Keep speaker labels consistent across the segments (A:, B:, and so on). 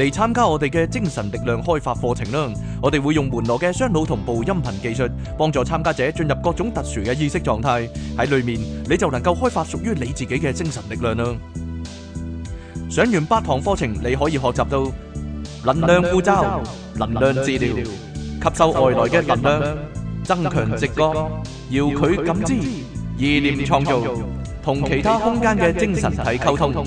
A: 嚟參加我哋嘅精神力量開發課程啦！我哋會用門羅嘅雙腦同步音頻技術，幫助參加者進入各種特殊嘅意識狀態。喺裡面你就能夠開發屬於你自己嘅精神力量啦！上完八堂課程，你可以學習到能量護罩、能量治療、吸收外來嘅能量、增強直覺、遙距感知、意念創造、同其他空間嘅精神體溝通。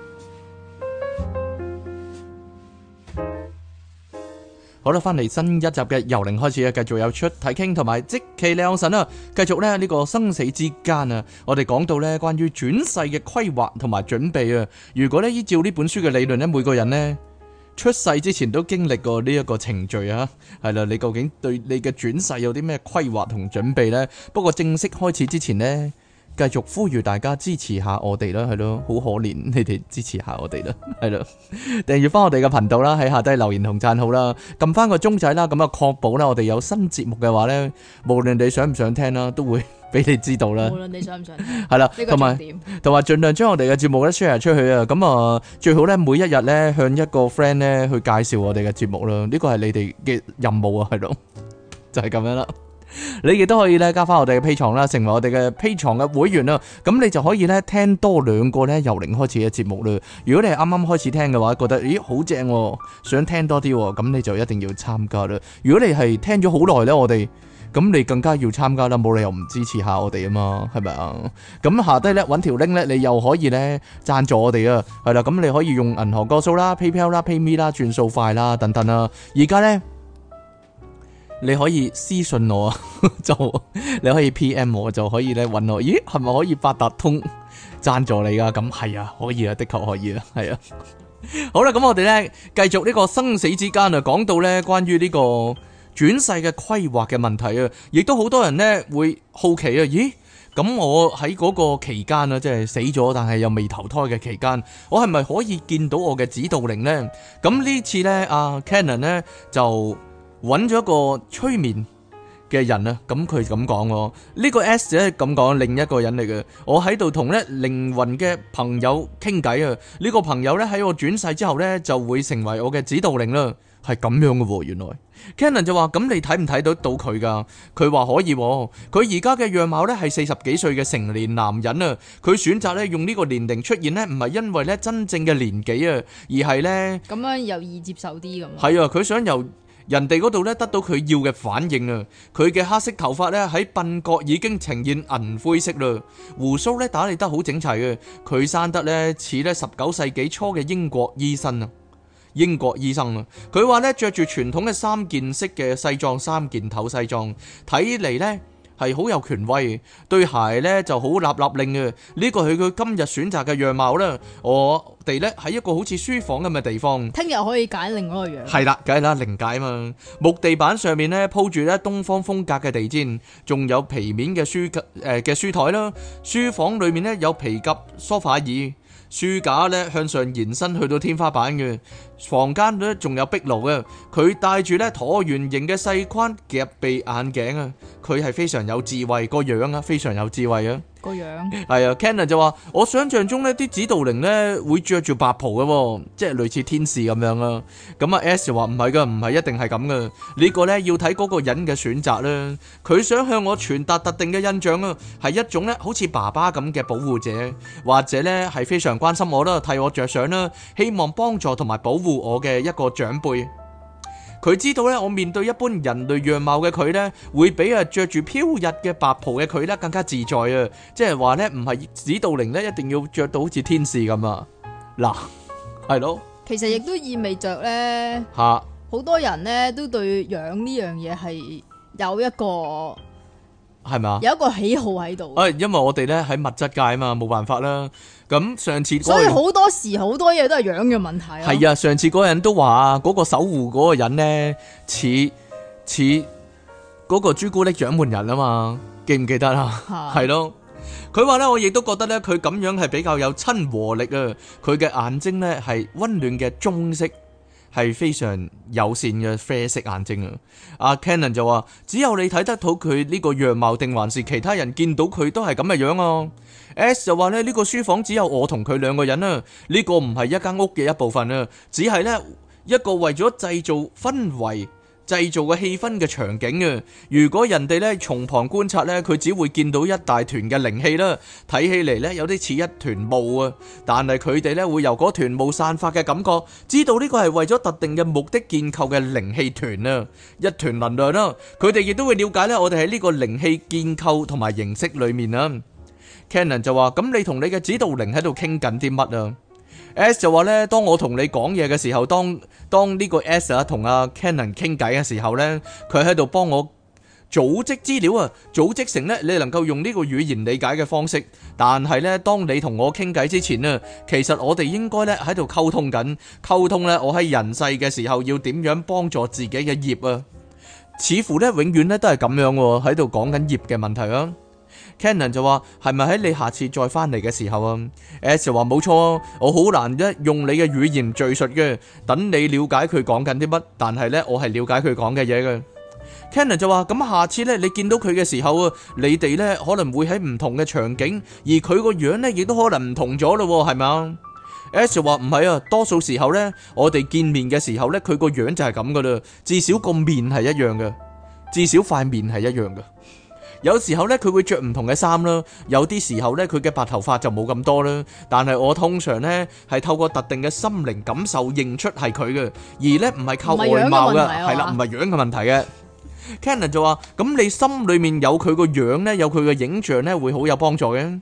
A: 好啦，翻嚟新一集嘅由零開始啊，繼續有出體傾同埋即其兩神啊，繼續咧呢個生死之間啊，我哋講到咧關於轉世嘅規劃同埋準備啊，如果咧依照呢本書嘅理論咧，每個人咧出世之前都經歷過呢一個程序啊，係啦，你究竟對你嘅轉世有啲咩規劃同準備呢？不過正式開始之前呢。繼續呼籲大家支持下我哋啦，係咯，好可憐，你哋支持下我哋啦，係咯，訂閱翻我哋嘅頻道啦，喺下低留言同讚好啦，撳翻個鐘仔啦，咁啊確保啦，我哋有新節目嘅話呢，無論你想唔想聽啦，都會俾你知道啦。無論你想唔想聽，係啦 的，同埋同埋盡量將我哋嘅節目咧 share 出去啊，咁啊最好呢，每一日呢，向一個 friend 呢去介紹我哋嘅節目啦，呢個係你哋嘅任務啊，係咯，就係、是、咁樣啦。你亦都可以咧加翻我哋嘅 P 床啦，成為我哋嘅 P 床嘅會員啦。咁你就可以咧聽多兩個咧由零開始嘅節目啦。如果你係啱啱開始聽嘅話，覺得咦好正，想聽多啲，咁你就一定要參加啦。如果你係聽咗好耐咧，我哋咁你更加要參加啦。冇理由唔支持下我哋啊嘛，係咪啊？咁下低咧揾條 link 咧，你又可以咧贊助我哋啊。係啦，咁你可以用銀行個數啦、PayPal 啦、PayMe 啦、轉數快啦等等啊。而家咧。你可以私信我，就 你可以 P.M. 我就可以咧揾我。咦，係咪可以八達通贊助你噶？咁係啊，可以啊，的確可以啊，係啊。好啦，咁我哋咧繼續呢個生死之間啊，講到咧關於呢個轉世嘅規劃嘅問題啊，亦都好多人咧會好奇啊。咦，咁我喺嗰個期間啊，即係死咗但係又未投胎嘅期間，我係咪可以見到我嘅指導靈呢？咁呢次咧，啊 Canon 咧就。揾咗一個催眠嘅人啊，咁佢咁講喎。呢個 S 呢咁講，另一個人嚟嘅。我喺度同呢靈魂嘅朋友傾偈啊。呢個朋友呢，喺我轉世之後呢，就會成為我嘅指導靈啦。係咁樣嘅喎，啊，原來。Cannon 就話：咁你睇唔睇到到佢㗎？佢話可以。佢而家嘅樣貌呢，係四十幾歲嘅成年男人啊。佢選擇呢，用呢個年齡出現呢，唔係因為呢真正嘅年紀啊，而係呢，
B: 咁樣容易接受啲咁。係
A: 啊，佢想由。人哋嗰度咧得到佢要嘅反應啊！佢嘅黑色頭髮咧喺鬢角已經呈現銀灰色啦，鬍鬚咧打理得好整齊啊！佢生得咧似咧十九世紀初嘅英國醫生啊，英國醫生啊！佢話咧著住傳統嘅三件式嘅西裝，三件頭西裝，睇嚟咧。係好有權威，對鞋咧就好立立令嘅。呢、這個係佢今日選擇嘅樣貌啦。我哋咧喺一個好似書房咁嘅地方，
B: 聽日可以揀另外一個樣。係
A: 啦，梗係啦，另解嘛。木地板上面咧鋪住咧東方風格嘅地氈，仲有皮面嘅書誒嘅、呃、書台啦。書房裏面咧有皮夾梳化椅。書架向上延伸去到天花板嘅，房間咧仲有壁爐嘅，佢戴住咧橢圓形嘅細框夾鼻眼鏡啊，佢係非常有智慧，個樣啊非常有智慧啊。個樣係啊 Kenna 就話，我想象中呢啲指導靈呢，會着住白袍噶、哦，即係類似天使咁樣啊。咁啊，S 話唔係噶，唔係一定係咁噶。呢、這個呢，要睇嗰個人嘅選擇啦。佢想向我傳達特定嘅印象啊，係一種呢好似爸爸咁嘅保護者，或者呢係非常關心我啦，替我着想啦，希望幫助同埋保護我嘅一個長輩。佢知道咧，我面對一般人類樣貌嘅佢咧，會比啊著住飄逸嘅白袍嘅佢咧更加自在啊！即係話咧，唔係指導靈咧一定要着到好似天使咁啊！嗱，係咯，
B: 其實亦都意味着呢，嚇好多人呢都對樣呢樣嘢係有一個。係咪？有一個喜好喺度。誒、
A: 哎，因為我哋咧喺物質界啊嘛，冇辦法啦。咁上次，所以好
B: 多時好多嘢都係樣嘅問題、啊。係
A: 啊，上次嗰人都話啊，嗰個守護嗰個人咧似似嗰個朱古力掌門人啊嘛，記唔記得啊？係咯、 啊，佢話咧，我亦都覺得咧，佢咁樣係比較有親和力啊。佢嘅眼睛咧係溫暖嘅棕色。係非常友善嘅啡色眼睛啊！阿 Kenan 就話：只有你睇得到佢呢個樣貌，定還是其他人見到佢都係咁嘅樣啊？S 就話咧：呢、這個書房只有我同佢兩個人啊，呢、這個唔係一間屋嘅一部分啊，只係呢一個為咗製造氛圍。製造嘅氣氛嘅場景啊！如果人哋呢從旁觀察呢，佢只會見到一大團嘅靈氣啦，睇起嚟呢，有啲似一團霧啊。但係佢哋呢會由嗰團霧散發嘅感覺，知道呢個係為咗特定嘅目的建構嘅靈氣團啊，一團能量啊！佢哋亦都會了解呢。我哋喺呢個靈氣建構同埋形式裏面啊。Canon 就話：咁你同你嘅指導靈喺度傾緊啲乜啊？S, S 就話咧，當我同你講嘢嘅時候，當當呢個 S 啊，同阿 Canon 傾偈嘅時候呢，佢喺度幫我組織資料啊，組織成呢你能夠用呢個語言理解嘅方式。但係呢，當你同我傾偈之前呢，其實我哋應該呢喺度溝通緊，溝通呢。我喺人世嘅時候要點樣幫助自己嘅業啊。似乎呢永遠呢都係咁樣喎，喺度講緊業嘅問題啊。Canon 就話：係咪喺你下次再翻嚟嘅時候啊？S 就話：冇錯，我好難一用你嘅語言敘述嘅，等你了解佢講緊啲乜。但係呢，我係了解佢講嘅嘢嘅。Canon 就話：咁下次呢，你見到佢嘅時候啊，你哋呢可能會喺唔同嘅場景，而佢個樣呢亦都可能唔同咗咯，係咪啊？S 話唔係啊，多數時候呢，我哋見面嘅時候呢，佢個樣就係咁噶啦，至少個面係一樣嘅，至少塊面係一樣嘅。有時候咧，佢會着唔同嘅衫啦；有啲時候咧，佢嘅白頭髮就冇咁多啦。但係我通常咧係透過特定嘅心靈感受認出係佢嘅，而咧唔係靠外貌嘅，係啦，唔係樣嘅問題嘅。 Cannon 就話：咁你心裏面有佢個樣咧，有佢嘅影像咧，會好有幫助嘅。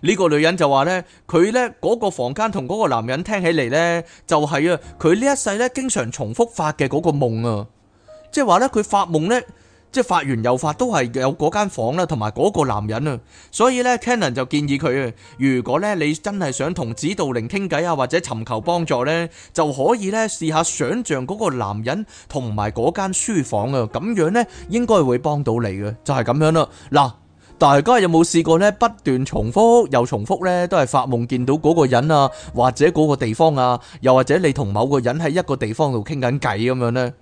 A: 呢個女人就話呢，佢呢嗰個房間同嗰個男人聽起嚟呢，就係啊，佢呢一世呢經常重複發嘅嗰個夢啊，即係話呢，佢發夢呢，即係發完又發，都係有嗰間房啦，同埋嗰個男人啊，所以呢 Cannon 就建議佢啊，如果呢你真係想同指導靈傾偈啊，或者尋求幫助呢，就可以呢試下想像嗰個男人同埋嗰間書房啊，咁樣呢應該會幫到你嘅，就係咁樣啦，嗱。大家有冇試過呢？不斷重複又重複呢，都係發夢見到嗰個人啊，或者嗰個地方啊，又或者你同某個人喺一個地方度傾緊偈咁樣呢？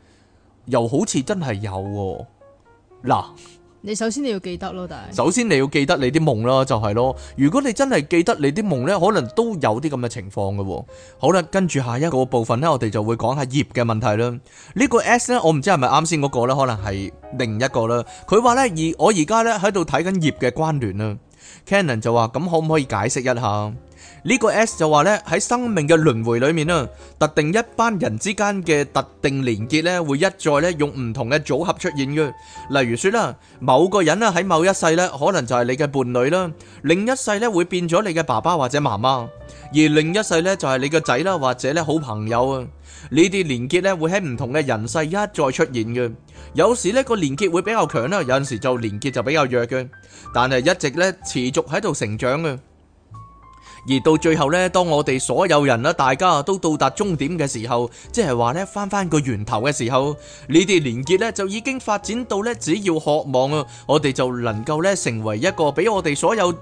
A: 又好似真係有喎、啊、嗱。
B: 你首先你要記得咯，但係首
A: 先你要記得你啲夢啦，就係、是、咯。如果你真係記得你啲夢呢，可能都有啲咁嘅情況嘅喎。好啦，跟住下一個部分呢，我哋就會講下業嘅問題啦。呢、這個 S 呢，我唔知係咪啱先嗰、那個咧，可能係另一個啦。佢話呢，而我而家呢喺度睇緊業嘅關聯啊。Canon 就話：咁可唔可以解釋一下？呢個 S 就話咧，喺生命嘅輪迴裏面啊，特定一班人之間嘅特定連結咧會一再咧用唔同嘅組合出現嘅。例如說啦，某個人啦喺某一世咧可能就係你嘅伴侶啦，另一世咧會變咗你嘅爸爸或者媽媽，而另一世咧就係你嘅仔啦或者咧好朋友啊。呢啲連結咧會喺唔同嘅人世一再出現嘅。有時呢個連結會比較強啦，有陣時就連結就比較弱嘅，但係一直咧持續喺度成長嘅。而到最後呢，當我哋所有人啦，大家都到達終點嘅時候，即係話呢，翻翻個源頭嘅時候，你哋連結呢，就已經發展到呢，只要渴望啊，我哋就能夠呢，成為一個比我哋所有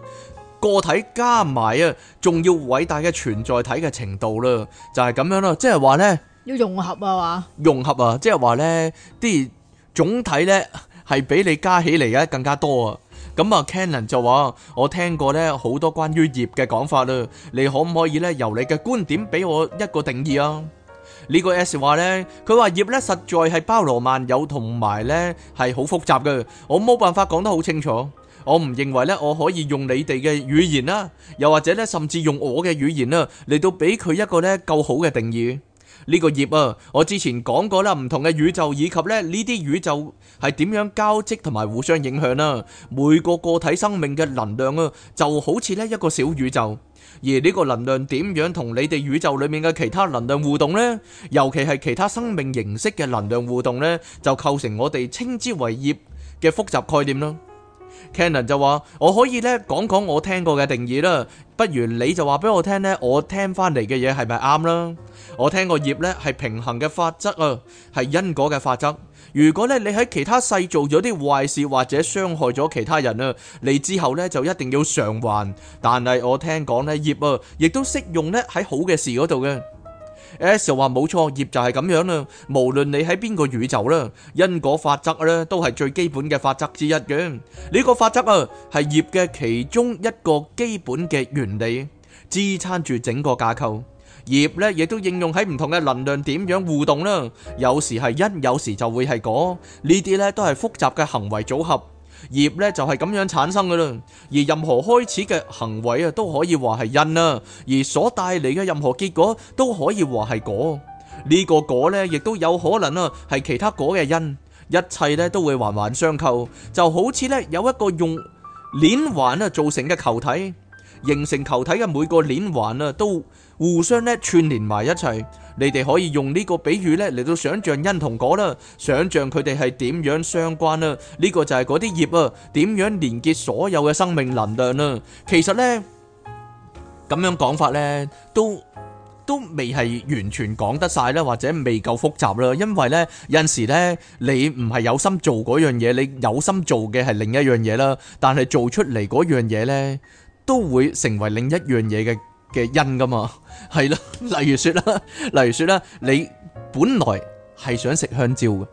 A: 個體加埋啊，仲要偉大嘅存在體嘅程度啦，就係咁樣咯，即係話呢，
B: 要融合啊，話
A: 融合啊，即係話呢啲總體呢，係比你加起嚟嘅更加多啊。咁啊，Canon 就話我聽過咧好多關於業嘅講法啦，你可唔可以咧由你嘅觀點俾我一個定義啊？呢個 S 話咧，佢話業咧實在係包羅萬有，同埋咧係好複雜嘅，我冇辦法講得好清楚。我唔認為咧，我可以用你哋嘅語言啦，又或者咧，甚至用我嘅語言啦嚟，到俾佢一個咧夠好嘅定義。呢個業啊，我之前講過啦，唔同嘅宇宙以及咧呢啲宇宙係點樣交織同埋互相影響啦，啊。每個個體生命嘅能量啊，就好似呢一個小宇宙，而呢個能量點樣同你哋宇宙裡面嘅其他能量互動呢？尤其係其他生命形式嘅能量互動呢，就構成我哋稱之為業嘅複雜概念啦。Canon 就話，我可以咧講講我聽過嘅定義啦，不如你就話俾我，我聽咧，我聽翻嚟嘅嘢係咪啱啦？我聽過業咧係平衡嘅法則啊，係因果嘅法則。如果咧你喺其他世做咗啲壞事或者傷害咗其他人啊，你之後咧就一定要償還。但係我聽講咧業啊，亦都適用咧喺好嘅事嗰度嘅。S 又話冇錯，業就係咁樣啦。無論你喺邊個宇宙啦，因果法則咧都係最基本嘅法則之一嘅。呢個法則啊係業嘅其中一個基本嘅原理，支撐住整個架構。業咧亦都應用喺唔同嘅能量點樣互動啦。有時係因，有時就會係果。呢啲咧都係複雜嘅行為組合。業咧就係咁樣產生噶啦，而任何開始嘅行為啊都可以話係因啦，而所帶嚟嘅任何結果都可以話係果。呢個果咧亦都有可能啊係其他果嘅因，一切咧都會環環相扣，就好似咧有一個用鏈環啊造成嘅球體。形成球體嘅每個鏈環啊，都互相咧串聯埋一齊。你哋可以用呢個比喻咧嚟到想象因同果啦，想象佢哋係點樣相關啦。呢個就係嗰啲業啊，點樣連結所有嘅生命能量啦。其實咧咁樣講法咧，都都未係完全講得晒啦，或者未夠複雜啦。因為咧有陣時咧，你唔係有心做嗰樣嘢，你有心做嘅係另一樣嘢啦。但係做出嚟嗰樣嘢咧。都會成為另一樣嘢嘅嘅因噶嘛，係咯，例如說啦， 例如說啦，你本來係想食香蕉嘅，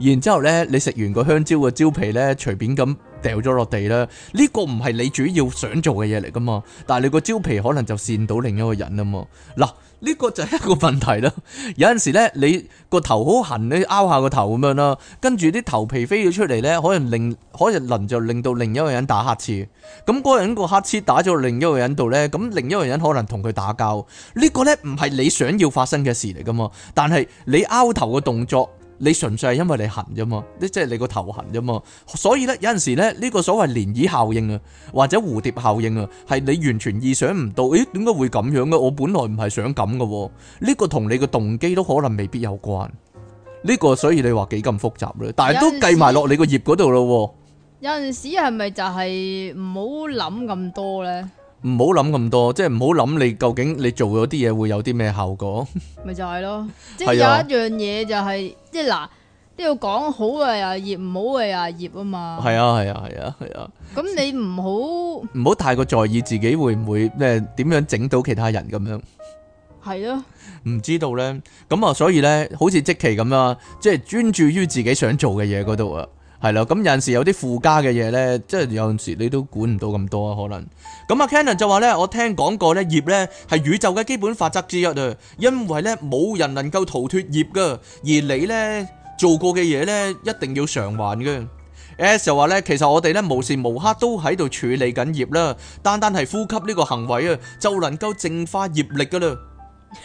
A: 然之後呢，你食完個香蕉個蕉皮呢，隨便咁掉咗落地啦，呢、這個唔係你主要想做嘅嘢嚟噶嘛，但係你個蕉皮可能就扇到另一個人啊嘛，嗱。呢個就係一個問題啦。 有陣時咧，你個頭好痕，你拗下個頭咁樣啦，跟住啲頭皮飛咗出嚟咧，可能令可能能就令到另一個人打乞嗤。咁嗰人個乞嗤打咗另一個人度咧，咁另一個人可能同佢打交。呢、這個咧唔係你想要發生嘅事嚟㗎嘛。但係你拗頭嘅動作，你純粹係因為你痕啫嘛，就是、你即係你個頭痕啫嘛，所以咧有陣時咧呢、這個所謂漣漪效應啊，或者蝴蝶效應啊，係你完全意想唔到，誒點解會咁樣嘅、啊？我本來唔係想咁嘅喎，呢、這個同你嘅動機都可能未必有關，呢、這個所以你話幾咁複雜咧，但係都計埋落你個業嗰度咯喎。有
B: 陣時係咪就係唔好諗咁多咧？
A: 唔好諗咁多，即係唔好諗你究竟你做咗啲嘢會有啲咩效果？
B: 咪 就係咯，即係有一樣嘢就係，即係嗱都要講好嘅阿葉，唔好嘅阿葉啊嘛。係
A: 啊係啊係啊係啊。
B: 咁、啊啊、你唔好
A: 唔好太過在意自己會唔會咩點、呃、樣整到其他人咁樣。
B: 係咯、
A: 啊，唔知道咧。咁啊，所以咧，好似即奇咁啦，即係專注於自己想做嘅嘢嗰度啊。係啦，咁有陣時有啲附加嘅嘢呢，即係有陣時你都管唔到咁多啊，可能。咁啊，Canon 就話呢，我聽講過呢，業呢係宇宙嘅基本法則之一啊，因為呢冇人能夠逃脫業噶，而你呢做過嘅嘢呢一定要償還嘅。S 就話呢，其實我哋呢無時無刻都喺度處理緊業啦，單單係呼吸呢個行為啊，就能夠淨化業力噶啦。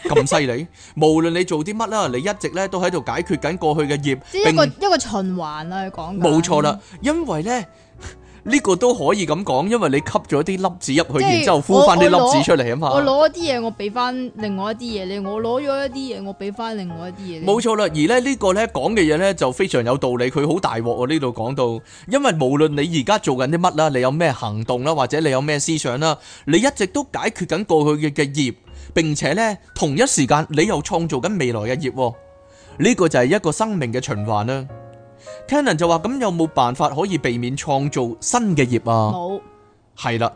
A: 咁犀利，無論你做啲乜啦，你一直咧都喺度解決緊過去嘅業，一個並
B: 一個循環啊！你講冇錯啦，
A: 因為咧。 呢個都可以咁講，因為你吸咗啲粒子入去，是然之後呼翻啲粒子出嚟啊嘛。我攞
B: 啲嘢，我俾翻另外一啲嘢你。我攞咗一啲嘢，我俾翻另外一啲嘢。冇
A: 錯啦，而呢呢個呢講嘅嘢呢，就非常有道理。佢好大鑊喎，呢度講到，因為無論你而家做緊啲乜啦，你有咩行動啦，或者你有咩思想啦，你一直都解決緊過去嘅嘅業，並且呢，同一時間你又創造緊未來嘅業。呢、這個就係一個生命嘅循環啦。Canon 就話：咁有冇辦法可以避免創造新嘅業啊？冇沒。係啦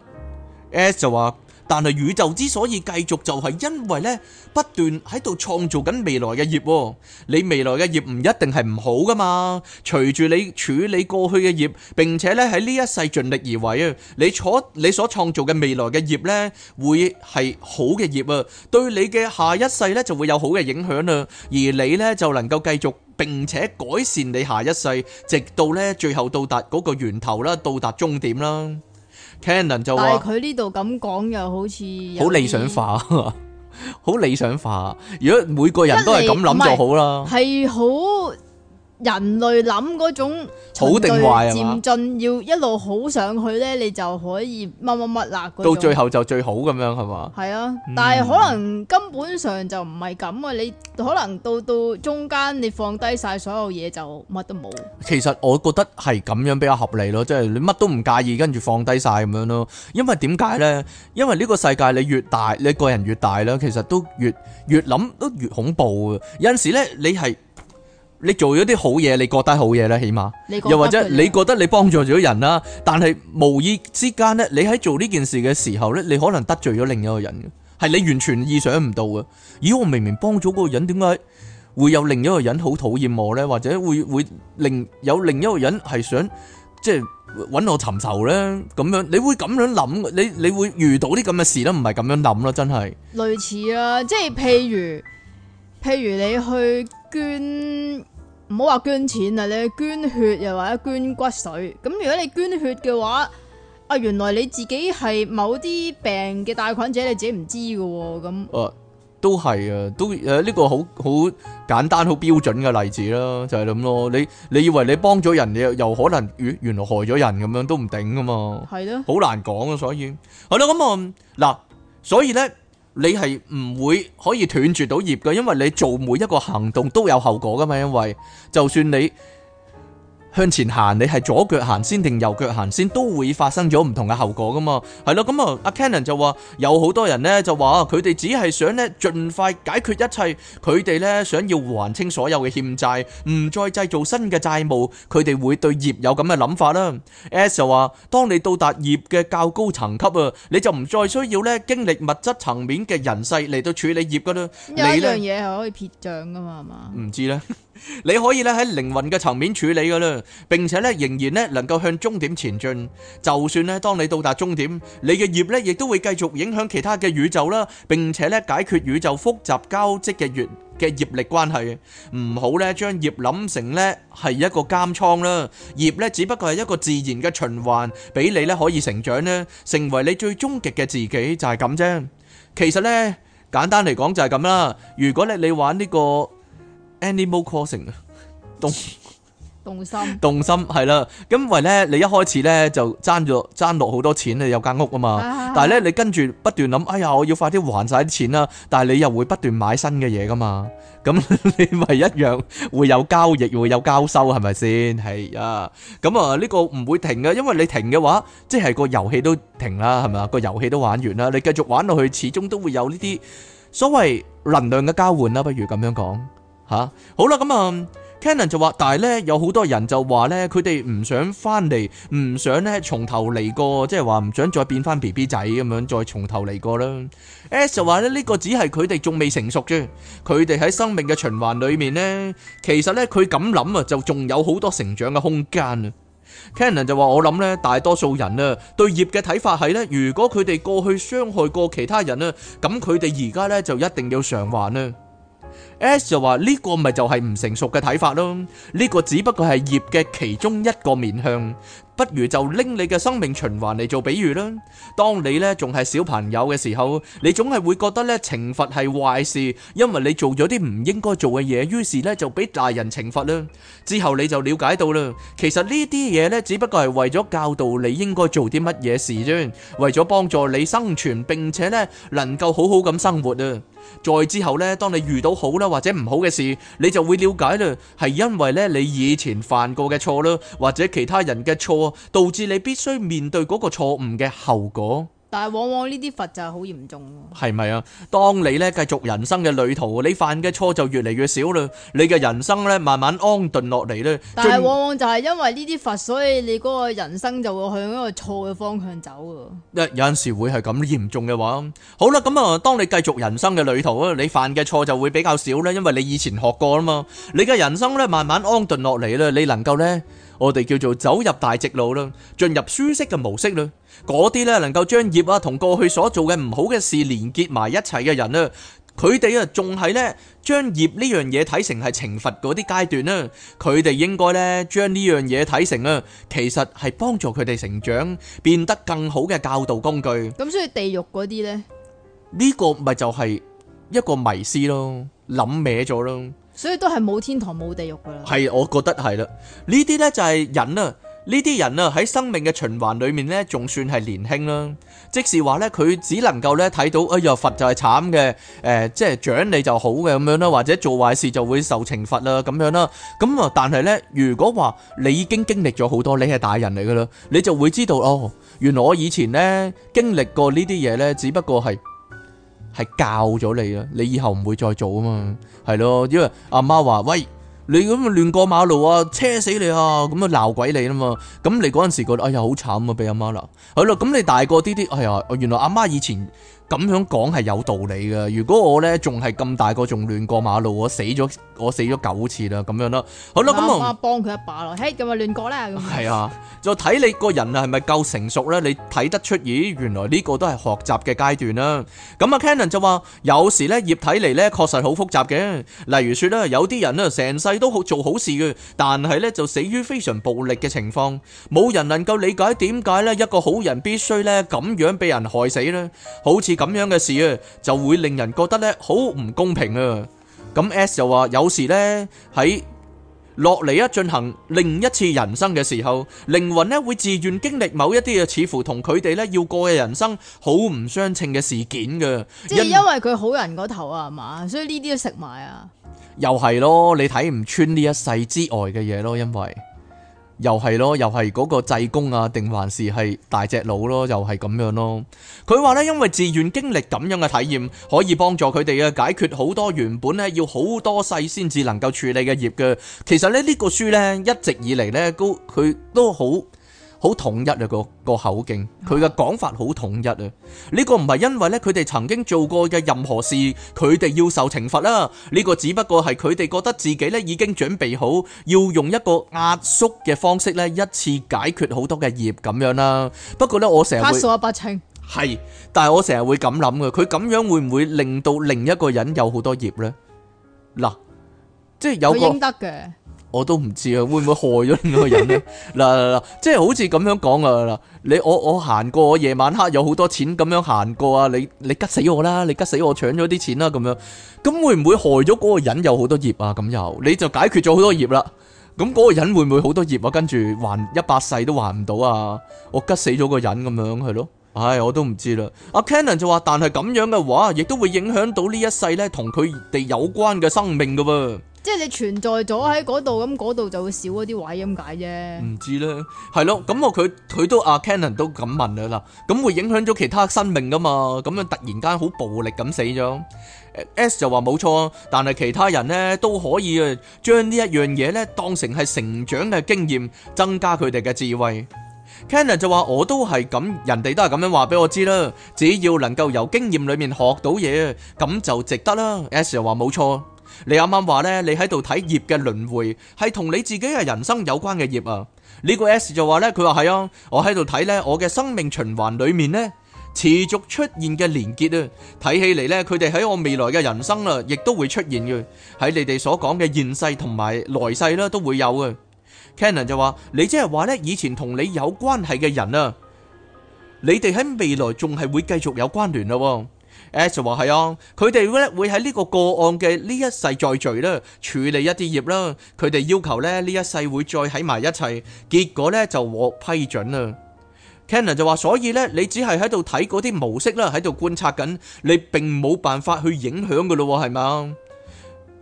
A: ，As 就話。但係宇宙之所以繼續，就係因為咧不斷喺度創造緊未來嘅業。你未來嘅業唔一定係唔好噶嘛。隨住你處理過去嘅業，並且咧喺呢一世盡力而為啊，你所你所創造嘅未來嘅業咧，會係好嘅業啊，對你嘅下一世咧就會有好嘅影響啊。而你呢，就能夠繼續並且改善你下一世，直到咧最後到達嗰個源頭啦，到達終點啦。Canon 就話，佢
B: 呢度咁講又好似好理想
A: 化，好 理想化。如果每個人都係咁諗就好啦，係
B: 好。人類諗嗰種好定壞啊嘛，漸進，係嘛？要一路好上去咧，你就可以乜乜乜啦。到最後
A: 就最好咁樣係嘛？
B: 係啊，嗯、但係可能根本上就唔係咁啊！你可能到到中間，你放低晒所有嘢，就乜都冇。
A: 其實我覺得係咁樣比較合理咯，即係你乜都唔介意，跟住放低晒咁樣咯。因為點解咧？因為呢個世界你越大，你個人越大咧，其實都越越諗都越恐怖。有陣時咧，你係。你做咗啲好嘢，你覺得好嘢咧，起碼。又或者你覺得你幫助咗人啦，但係無意之間咧，你喺做呢件事嘅時候咧，你可能得罪咗另一個人，係你完全意想唔到嘅。咦，我明明幫咗嗰個人，點解會有另一個人好討厭我呢？或者會會令有另一個人係想即係揾我尋仇呢？咁樣你會咁樣諗？你你會遇到啲咁嘅事都唔係咁樣諗囉，真係。
B: 類似啊，即係譬如譬如你去捐。唔好話捐錢啊，你捐血又或者捐骨髓，咁如果你捐血嘅話，啊原來你自己係某啲病嘅帶菌者，你自己唔知嘅咁。誒、
A: 呃，都係啊，都誒呢、呃，這個好好簡單好標準嘅例子啦，就係咁咯。你你以為你幫咗人，你又可能，咦、呃，原來害咗人咁樣都唔頂噶嘛？係咯的，好難講啊。所以好咯，咁啊嗱，所以咧。你係唔會可以斷絕到業嘅，因為你做每一個行動都有後果㗎嘛，因為就算你，向前行，你係左腳行先定右腳行先，都會發生咗唔同嘅後果㗎嘛？係咯，咁啊，阿 Kenon 就話有好多人呢就話，佢哋只係想呢盡快解決一切，佢哋呢想要還清所有嘅欠債，唔再製造新嘅債務，佢哋會對業有咁嘅諗法啦。As 就話，當你到達業嘅較高層級啊，你就唔再需要呢經歷物質層面嘅人世嚟到處理業㗎喇。有一樣
B: 嘢係可以撇帳㗎嘛？係咪？
A: 唔知呢。你可以咧喺靈魂嘅層面處理噶啦，並且咧仍然咧能夠向終點前進。就算咧當你到達終點，你嘅業咧亦都會繼續影響其他嘅宇宙啦，並且咧解決宇宙複雜交織嘅業嘅業力關係。唔好咧將業諗成咧係一個監倉啦，業咧只不過係一個自然嘅循環，俾你咧可以成長啦，成為你最終極嘅自己就係咁啫。其實咧簡單嚟講就係咁啦。如果咧你玩呢個。Animal Crossing 啊，動動心， 動心係啦。咁因為咧，你一開始咧就爭咗爭落好多錢，你有間屋啊嘛。 但係咧，你跟住不斷諗，哎呀，我要快啲還晒啲錢啦。但係你又會不斷買新嘅嘢噶嘛。咁你咪一樣會有交易，會有交收，係咪先？係啊。咁啊，呢個唔會停嘅，因為你停嘅話，即係個遊戲都停啦，係嘛？個遊戲都玩完啦。你繼續玩落去，始終都會有呢啲所謂能量嘅交換啦。不如咁樣講。吓，好啦，咁啊，Canon 就話，但係咧有好多人就話咧，佢哋唔想翻嚟，唔想咧從頭嚟過，即係話唔想再變翻 B B 仔咁樣，再從頭嚟過啦。S 就話咧呢個只係佢哋仲未成熟啫，佢哋喺生命嘅循環裏面呢，其實咧佢咁諗啊，就仲有好多成長嘅空間啊。Canon 就話我諗咧，大多數人啊，對業嘅睇法係咧，如果佢哋過去傷害過其他人啊，咁佢哋而家咧就一定要償還啦。S 就話，呢個咪就係唔成熟嘅睇法咯，呢個只不過係業嘅其中一個面向，不如就拎你嘅生命循環嚟做比喻啦。當你呢仲係小朋友嘅時候，你總係會覺得呢懲罰係壞事，因為你做咗啲唔應該做嘅嘢，於是呢就俾大人懲罰啦。之後你就了解到啦，其實呢啲嘢呢只不過係為咗教導你應該做啲乜嘢事啫，為咗幫助你生存，並且呢能夠好好咁生活啊。再之後咧，當你遇到好啦或者唔好嘅事，你就會了解啦，係因為咧你以前犯過嘅錯啦，或者其他人嘅錯，導致你必須面對嗰個錯誤嘅後果。
B: 但係往往呢啲佛就係好嚴重咯，
A: 係咪啊？當你咧繼續人生嘅旅途，你犯嘅錯就越嚟越少啦，你嘅人生咧慢慢安頓落嚟咧。但係往
B: 往就係因為呢啲佛，所以你嗰個人生就會向一個錯嘅方向走啊！有
A: 陣時會係咁嚴重嘅話，好啦，咁啊，當你繼續人生嘅旅途，你犯嘅錯就會比較少咧，因為你以前學過啊嘛，你嘅人生咧慢慢安頓落嚟咧，你能夠呢。我哋叫做走入大直路啦，進入舒適嘅模式啦。嗰啲呢能夠將業啊同過去所做嘅唔好嘅事連結埋一齊嘅人呢，佢哋啊仲係呢將業呢樣嘢睇成係懲罰嗰啲階段啦，佢哋應該呢將呢樣嘢睇成啊，其實係幫助佢哋成長變得更好嘅教導工具。
B: 咁所以地獄嗰啲呢
A: 呢個咪就係一個迷思咯，諗歪咗咯。
B: 所以都係冇天堂冇地獄噶啦，
A: 係我覺得係啦，呢啲呢就係人啊，呢啲人啊，喺生命嘅循環裏面呢，仲算係年輕啦。即是話呢，佢只能夠呢睇到，哎呀佛就係慘嘅，誒、呃、即係獎你就好嘅咁樣啦，或者做壞事就會受懲罰啦咁樣啦。咁啊，但係呢，如果話你已經經歷咗好多，你係大人嚟噶啦，你就會知道哦，原來我以前呢，經歷過呢啲嘢呢，只不過係。係教咗你啊，你以後唔會再做啊嘛，係咯，因為阿媽話，喂，你咁咪亂過馬路啊，車死你啊，咁啊鬧鬼你啊嘛，咁你嗰陣時覺得哎呀好慘啊，俾阿媽鬧，係咯，咁你大個啲啲，哎呀，原來阿媽，媽以前。咁樣講係有道理嘅。如果我呢仲係咁大個，仲亂過馬路，我死咗我死咗九次啦，咁樣啦。好啦，咁我媽
B: 幫佢一把咯，嘿，咁咪亂過啦。係
A: 啊，就睇你個人啊，係咪夠成熟呢？你睇得出，咦，原來呢個都係學習嘅階段啦。咁啊，Cannon 就話：有時呢，業睇嚟呢，確實好複雜嘅。例如說呢，有啲人呢，成世都好做好事嘅，但係呢就死於非常暴力嘅情況，冇人能夠理解點解呢一個好人必須呢咁樣被人害死呢，好似。咁樣嘅事啊，就會令人覺得咧好唔公平啊！咁 S 就話有時咧喺落嚟，一，進行另一次人生嘅時候，靈魂咧會自願經歷某一啲嘅似乎同佢哋咧要過嘅人生好唔相稱嘅事件㗎。即係因
B: 為佢好人嗰頭啊嘛，所以呢啲都食埋啊！
A: 又係咯，你睇唔穿呢一世之外嘅嘢咯，因為。又係咯，又係嗰個濟公啊，定還是係大隻佬咯，又係咁樣咯。佢話呢，因為自願經歷咁樣嘅體驗，可以幫助佢哋嘅解決好多原本咧要好多世先至能夠處理嘅業嘅。其實咧呢個書呢，一直以嚟呢，都佢都好。好統一啊個、個口徑，佢嘅講法好統一啊！呢、呢個唔係因為呢，佢哋曾經做過嘅任何事，佢哋要受懲罰啦。呢、呢個只不過係佢哋覺得自己咧已經準備好要用一個壓縮嘅方式咧，一次解決好多嘅業咁樣啦。不過呢，我、啊、成日 pass 八成係，但係我成日會咁諗嘅，佢咁樣會唔會令到另一個人有好多業呢？嗱，即係有個應得嘅。我都唔知啊，會唔會害咗嗰個人咧？嗱嗱嗱，即係好似咁樣講啊！嗱，你我我行過，我夜晚黑有好多錢咁樣行過啊！你你吉死我啦！你吉死我搶咗啲錢啦！咁樣，咁會唔會害咗嗰個人有好多業啊？咁又你就解決咗好多業啦。咁嗰個人會唔會好多業啊？跟住還一百世都還唔到啊！我吉死咗個人咁樣係咯。唉，我都唔知啦。阿 Canon 就話，但係咁樣嘅話，亦都會影響到呢一世咧，同佢哋有關嘅生命噶噃。
B: 即係你存在咗喺嗰度，咁嗰度就會少嗰啲位咁解啫。唔
A: 知呢啦，係咯。咁我佢佢都阿 Canon 都咁問啦，嗱，咁會影響咗其他生命噶嘛？咁樣突然間好暴力咁死咗。S 就話冇錯，但係其他人呢，都可以將呢一樣嘢咧當成係成,成長嘅經驗，增加佢哋嘅智慧。Ken 就話我都係咁，人哋都係咁樣話俾我知啦。只要能夠由經驗裏面學到嘢，咁就值得啦。S 又話冇錯，你啱啱話呢，你喺度睇業嘅輪迴，係同你自己嘅人生有關嘅業啊。呢個 S 就話呢，佢話係啊，我喺度睇呢，我嘅生命循環裏面呢，持續出現嘅連結啊，睇起嚟呢，佢哋喺我未來嘅人生啊，亦都會出現嘅。喺你哋所講嘅現世同埋來世啦，都會有嘅。Cannon 就話：你即係話呢，以前同你有關係嘅人啊，你哋喺未來仲係會繼續有關聯咯。Ed 就話：係啊，佢哋咧會喺呢個個案嘅呢一世再聚啦，處理一啲業啦。佢哋要求呢，呢一世會再喺埋一齊，結果呢，就獲批准啦。Cannon 就話：所以呢，你只係喺度睇嗰啲模式啦，喺度觀察緊，你並冇辦法去影響噶咯，係嘛？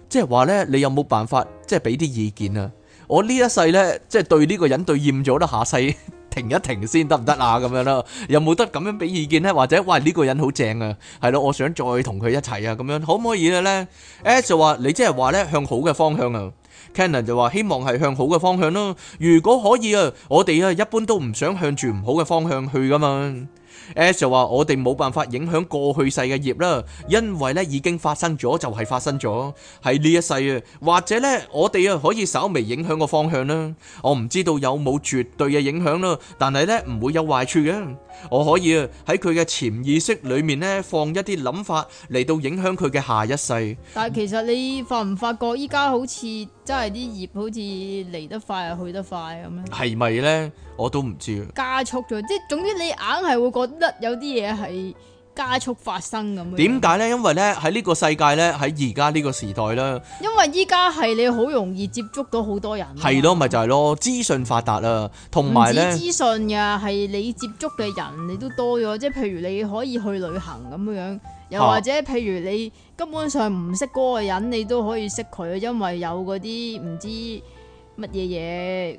A: 即係話呢，你有冇辦法即係俾啲意見啊？我呢一世呢，即係對呢個人對厭咗啦，下世停一停先得唔得啊？咁樣咯，有冇得咁樣俾意見呢？或者，喂呢個人好正啊，係咯，我想再同佢一齊啊，咁樣可唔可以呢？S 就話，你即係話呢，向好嘅方向啊，Cannon 就話希望係向好嘅方向咯。如果可以啊，我哋啊一般都唔想向住唔好嘅方向去噶嘛。S 就話我哋冇辦法影響過去世嘅業啦，因為咧已經發生咗就係發生咗，係呢一世啊，或者咧我哋啊可以稍微影響個方向啦，我唔知道有冇絕對嘅影響啦，但係咧唔會有壞處嘅。我可以喺佢嘅潛意識裏面咧放一啲諗法嚟到影響佢嘅下一世。
B: 但係其實你發唔發覺依家好似真係啲業好似嚟得快又、啊、去得快咁、啊、咧？係
A: 咪咧？我都唔知。
B: 加速咗，即係總之你硬係會覺得有啲嘢係。加速發生咁。點
A: 解呢？因為呢，喺呢個世界呢，喺而家呢個時代啦。
B: 因為依家係你好容易接觸到好多人。係
A: 咯，咪就係咯，資訊發達啦，同埋咧。唔
B: 止資訊㗎，係你接觸嘅人你都多咗。即係譬如你可以去旅行咁樣，又或者譬如你根本上唔識嗰個人，你都可以識佢，因為有嗰啲唔知乜嘢嘢。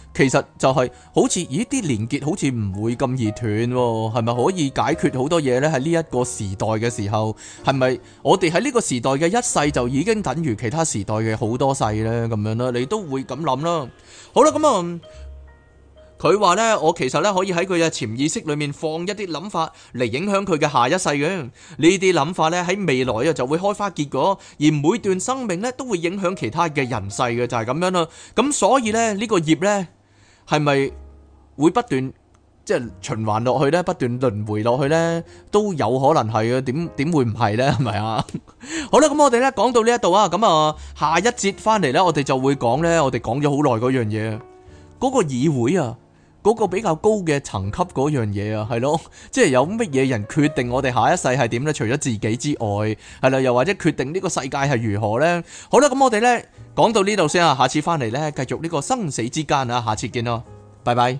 A: 其實就係好似，咦啲連結好似唔會咁易斷，係咪可以解決好多嘢呢？喺呢一個時代嘅時候，係咪我哋喺呢個時代嘅一世就已經等於其他時代嘅好多世呢？咁樣咧，你都會咁諗啦。好啦，咁啊，佢話呢，我其實呢可以喺佢嘅潛意識裏面放一啲諗法嚟影響佢嘅下一世嘅呢啲諗法呢，喺未來啊就會開花結果，而每段生命呢都會影響其他嘅人世嘅，就係咁樣啦。咁所以呢呢個業呢。係咪會不斷即係、就是、循環落去咧？不斷輪回落去咧，都有可能係啊。點點會唔係咧？係咪啊？好、嗯、啦，咁我哋咧講到呢一度啊，咁啊下一節翻嚟咧，我哋就會講咧，我哋講咗好耐嗰樣嘢，嗰、嗰個議會啊。嗰個比較高嘅層級嗰樣嘢啊，係咯，即係有乜嘢人決定我哋下一世係點呢？除咗自己之外，係啦，又或者決定呢個世界係如何呢？好啦，咁我哋呢講到呢度先啊，下次翻嚟呢，繼續呢個生死之間啊，下次見咯，拜拜。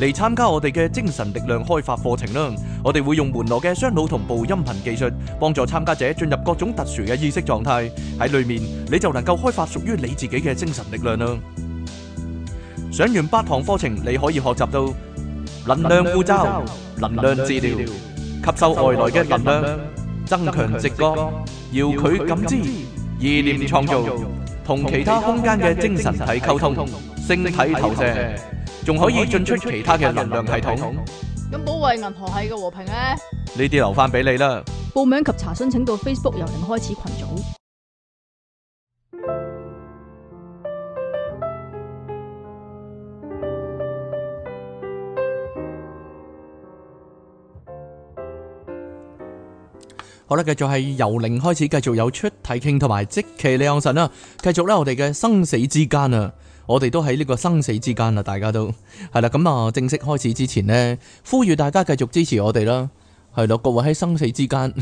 A: 嚟參加我哋嘅精神力量開發課程啦！我哋會用門羅嘅雙腦同步音頻技術，幫助參加者進入各種特殊嘅意識狀態。喺裏面你就能夠開發屬於你自己嘅精神力量啦！上完八堂課程，你可以學習到能量護罩、能量治療、吸收外來嘅能量、增強直覺、遙距感知、意念創造、同其他空間嘅精神體溝通、星體投射。仲可以進出其他嘅能量系統。
B: 咁保衛銀河系嘅和平咧？
A: 呢啲留翻俾你啦。
B: 報名及查詢請到 Facebook 由零開始群組。
A: 好啦，繼續係由零開始，繼續有出體傾同埋即期。李昂神啦。繼續咧，我哋嘅生死之間啊！我哋都喺呢個生死之間啦，大家都係啦。咁啊，正式開始之前呢，呼籲大家繼續支持我哋啦，係咯。各位喺生死之間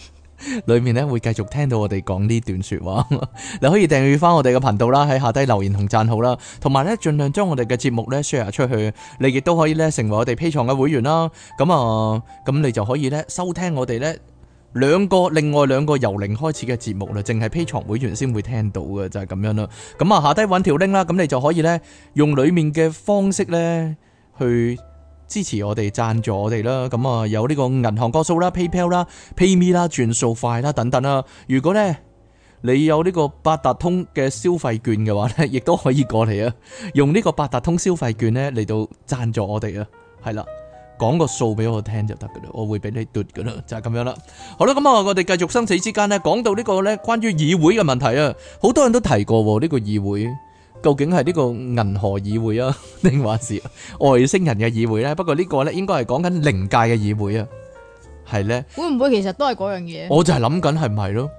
A: 裏面呢，會繼續聽到我哋講呢段說話。 你可以訂閱翻我哋嘅頻道啦，喺下低留言同贊好啦，同埋呢，盡量將我哋嘅節目呢 share 出去。你亦都可以呢成為我哋 P 藏嘅會員啦。咁啊，咁你就可以呢收聽我哋呢。兩個，另外兩個由零開始嘅節目咧，淨係 Patreon 會員先會聽到嘅，就係、是、咁樣啦。咁、嗯、啊，下低揾條 link 啦，咁、嗯、你就可以呢，用裡面嘅方式呢，去支持我哋，贊助我哋啦。咁、嗯、啊，有呢個銀行個數啦、PayPal 啦 Pay、PayMe 啦、轉數快啦等等啦。如果呢，你有呢個八達通嘅消費券嘅話呢，亦都可以過嚟啊，用呢個八達通消費券呢，嚟到贊助我哋啊，係啦。講個數俾我聽就得噶啦，我會俾你嘟噶啦，就係咁樣啦。好啦，咁啊，我哋繼續生死之間咧，講到呢個咧，關於議會嘅問題啊，好多人都提過呢個議會，究竟係呢個銀河議會啊，定還是外星人嘅議會咧？不過呢個咧，應該係講緊靈界嘅議會啊，係咧？
B: 會唔會其實都係嗰樣嘢？我就係
A: 諗緊係唔係咯，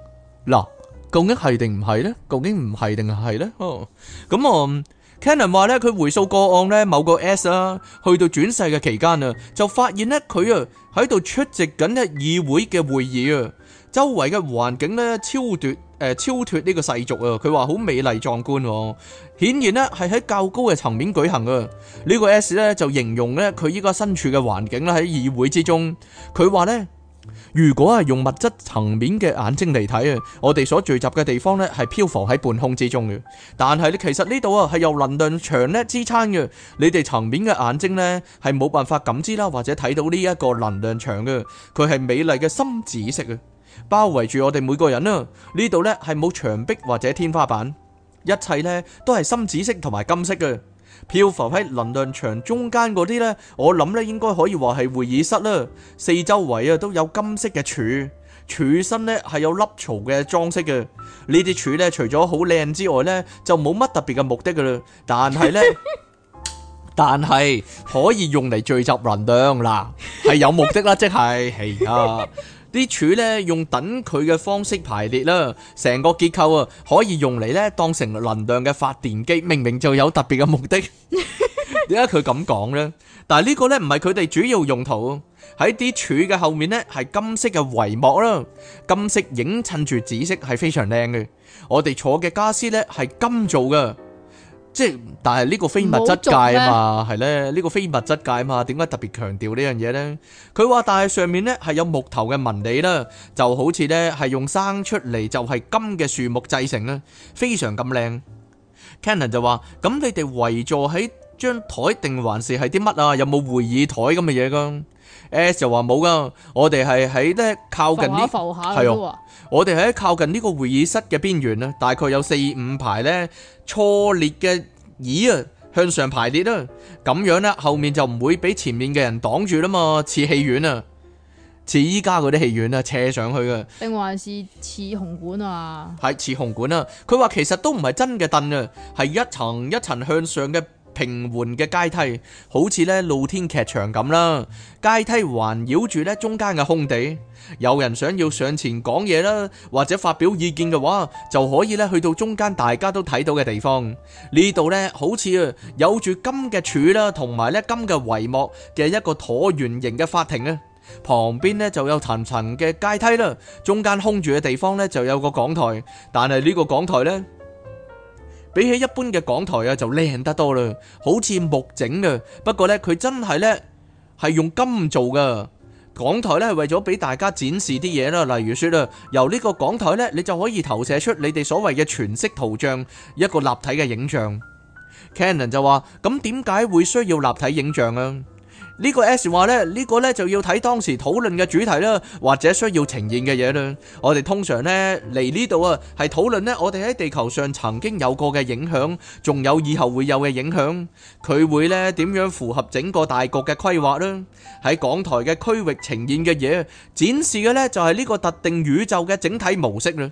A: 嗱，究竟係定唔係咧？究竟唔係定係咧？哦，咁我。Canon 話咧，佢回溯個案咧，某個 S 啊，去到轉世嘅期間啊，就發現咧佢啊喺度出席緊咧議會嘅會議啊，周圍嘅環境咧超脱誒、呃、超脱呢個世俗啊，佢話好美麗壯觀，顯然咧係喺較高嘅層面舉行啊。呢、這個 S 咧就形容咧佢依家身處嘅環境啦，喺議會之中，佢話咧。如果係用物質層面嘅眼睛嚟睇啊，我哋所聚集嘅地方咧係漂浮喺半空之中嘅。但係你其實呢度啊係由能量牆咧支撐嘅。你哋層面嘅眼睛咧係冇辦法感知啦，或者睇到呢一個能量牆嘅。佢係美麗嘅深紫色嘅，包圍住我哋每個人啊。呢度咧係冇牆壁或者天花板，一切呢都係深紫色同埋金色嘅。漂浮喺能量場中間嗰啲呢，我諗咧應該可以話係會議室啦。四周圍啊都有金色嘅柱，柱身咧係有凹槽嘅裝飾嘅。呢啲柱呢，除咗好靚之外呢，就冇乜特別嘅目的噶啦。但係呢，但係可以用嚟聚集能量嗱，係有目的啦，即係，係啊。啲柱咧用等距嘅方式排列啦，成個結構啊可以用嚟咧當成能量嘅發電機，明明就有特別嘅目的，點解佢咁講咧？但係呢個咧唔係佢哋主要用途喎。喺啲柱嘅後面咧係金色嘅帷幕啦，金色映襯住紫色係非常靚嘅。我哋坐嘅家私咧係金做嘅。即係，但係呢個非物質界啊嘛，係咧，呢個非物質界啊嘛，點解特別強調呢樣嘢呢？佢話：但係上面呢係有木頭嘅紋理啦，就好似呢係用生出嚟就係金嘅樹木製成啦，非常咁靚。Cannon 就話：咁你哋圍坐喺張台定還是係啲乜啊？有冇會議台咁嘅嘢㗎？S, S 就話冇噶，我哋係喺咧靠近呢，係哦、啊啊，我哋喺靠近呢個會議室嘅邊緣啦，大概有四五排呢錯列嘅椅啊，向上排列啦、啊，咁樣呢，後面就唔會俾前面嘅人擋住啦嘛，似戲院啊，似依家嗰啲戲院啊，斜上去嘅。
B: 定還是似紅館啊？
A: 係似紅館啦、啊，佢話其實都唔係真嘅凳啊，係一層一層向上嘅。平緩嘅階梯好似咧露天劇場咁啦，階梯環繞住咧中間嘅空地。有人想要上前講嘢啦，或者發表意見嘅話，就可以咧去到中間大家都睇到嘅地方。呢度呢，好似有住金嘅柱啦，同埋咧金嘅帷幕嘅一個橢圓形嘅法庭呢，旁邊呢，就有層層嘅階梯啦，中間空住嘅地方呢，就有個講台，但係呢個講台呢。比起一般嘅講台啊，就靚得多啦，好似木整嘅。不過呢，佢真係呢，係用金做嘅。講台呢係為咗俾大家展示啲嘢啦，例如説啦，由呢個講台呢，你就可以投射出你哋所謂嘅全息圖像，一個立體嘅影像。Canon 就話：咁點解會需要立體影像啊？呢個 S 話呢，呢、呢個呢就要睇當時討論嘅主題啦，或者需要呈現嘅嘢啦。我哋通常呢嚟呢度啊，係討論呢我哋喺地球上曾經有過嘅影響，仲有以後會有嘅影響。佢會呢點樣符合整個大局嘅規劃呢？喺港台嘅區域呈現嘅嘢，展示嘅呢就係呢個特定宇宙嘅整體模式啦。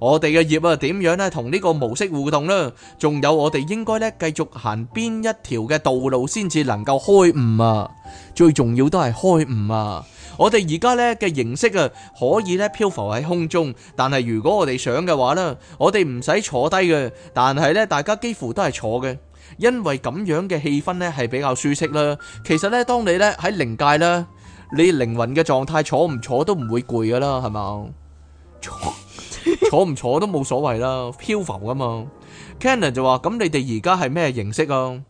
A: 我哋嘅業啊，點樣咧？同呢個模式互動啦？仲有我哋應該咧繼續行邊一條嘅道路先至能夠開悟啊！最重要都係開悟啊！我哋而家咧嘅形式啊，可以咧漂浮喺空中，但係如果我哋想嘅話咧，我哋唔使坐低嘅。但係咧，大家幾乎都係坐嘅，因為咁樣嘅氣氛咧係比較舒適啦。其實咧，當你咧喺靈界咧，你靈魂嘅狀態坐唔坐都唔會攰㗎喇，係咪啊？坐。坐唔坐都冇所謂啦，漂浮噶嘛。Cannon 就話：咁你哋而家係咩形式啊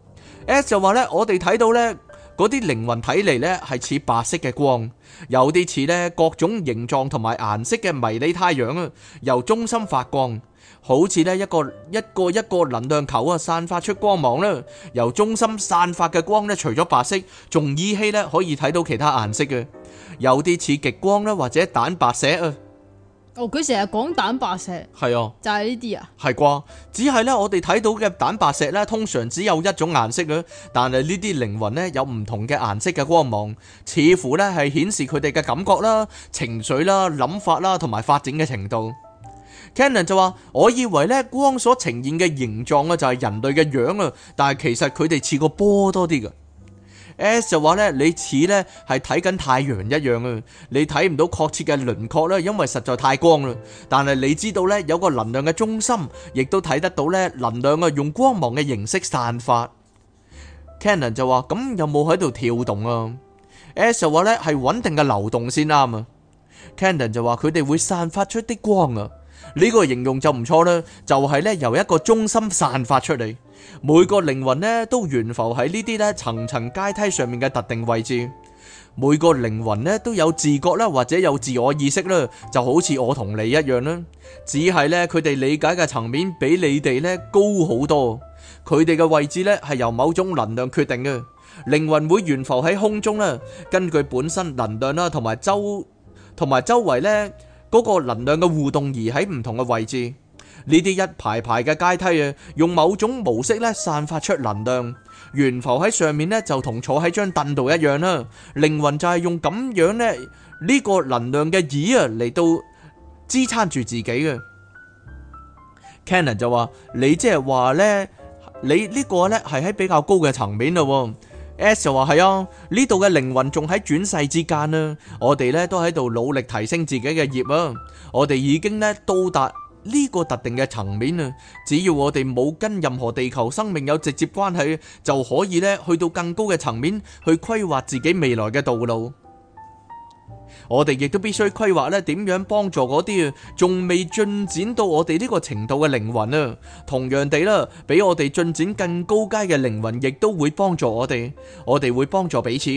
A: ？S 就話呢：我哋睇到呢，嗰啲靈魂睇嚟呢係似白色嘅光，有啲似呢各種形狀同埋顏色嘅迷你太陽啊，由中心發光，好似呢一個一個一個能量球啊，散發出光芒啦，由中心散發嘅光呢，除咗白色，仲依稀呢可以睇到其他顏色嘅，有啲似極光啦，或者蛋白石啊。
B: 哦，佢成日講蛋白石係啊，就係呢啲啊，
A: 係啩？只係呢，我哋睇到嘅蛋白石呢，通常只有一種顏色嘅，但係呢啲靈魂呢，有唔同嘅顏色嘅光芒，似乎呢係顯示佢哋嘅感覺啦、情緒啦、諗法啦，同埋發展嘅程度。k e n n e n Cannon 就話，我以為呢光所呈現嘅形狀呢，就係人類嘅樣啊，但係其實佢哋似個波多啲噶。S, S 就話咧，你似咧係睇緊太陽一樣啊，你睇唔到確切嘅輪廓咧，因為實在太光啦。但係你知道咧，有個能量嘅中心，亦都睇得到咧，能量啊用光芒嘅形式散發。Cannon 就話：咁有冇喺度跳動啊？S 就話咧，係穩定嘅流動先啱啊。Cannon 就話佢哋會散發出啲光啊。呢個形容就唔錯啦，就係咧由一個中心散發出嚟，每個靈魂咧都懸浮喺呢啲咧層層階梯上面嘅特定位置，每個靈魂咧都有自覺啦，或者有自我意識啦，就好似我同你一樣啦，只係咧佢哋理解嘅層面比你哋咧高好多，佢哋嘅位置咧係由某種能量決定嘅，靈魂會懸浮喺空中啦，根據本身能量啦，同埋周同埋周圍咧。嗰個能量嘅互動而喺唔同嘅位置，呢啲一排排嘅階梯啊，用某種模式咧散發出能量，懸浮喺上面咧就同坐喺張凳度一樣啦、啊。靈魂就係用咁樣咧，呢、呢個能量嘅椅啊嚟到支撐住自己嘅。Kennan 就話：你即係話咧，你個呢個咧係喺比較高嘅層面咯、啊。S 就話係啊，呢度嘅靈魂仲喺轉世之間啊，我哋咧都喺度努力提升自己嘅業啊，我哋已經咧到達呢個特定嘅層面啊，只要我哋冇跟任何地球生命有直接關係，就可以咧去到更高嘅層面去規劃自己未來嘅道路。我哋亦都必須規劃咧，點樣幫助嗰啲仲未進展到我哋呢個程度嘅靈魂啊。同樣地啦，比我哋進展更高階嘅靈魂，亦都會幫助我哋。我哋會幫助彼此，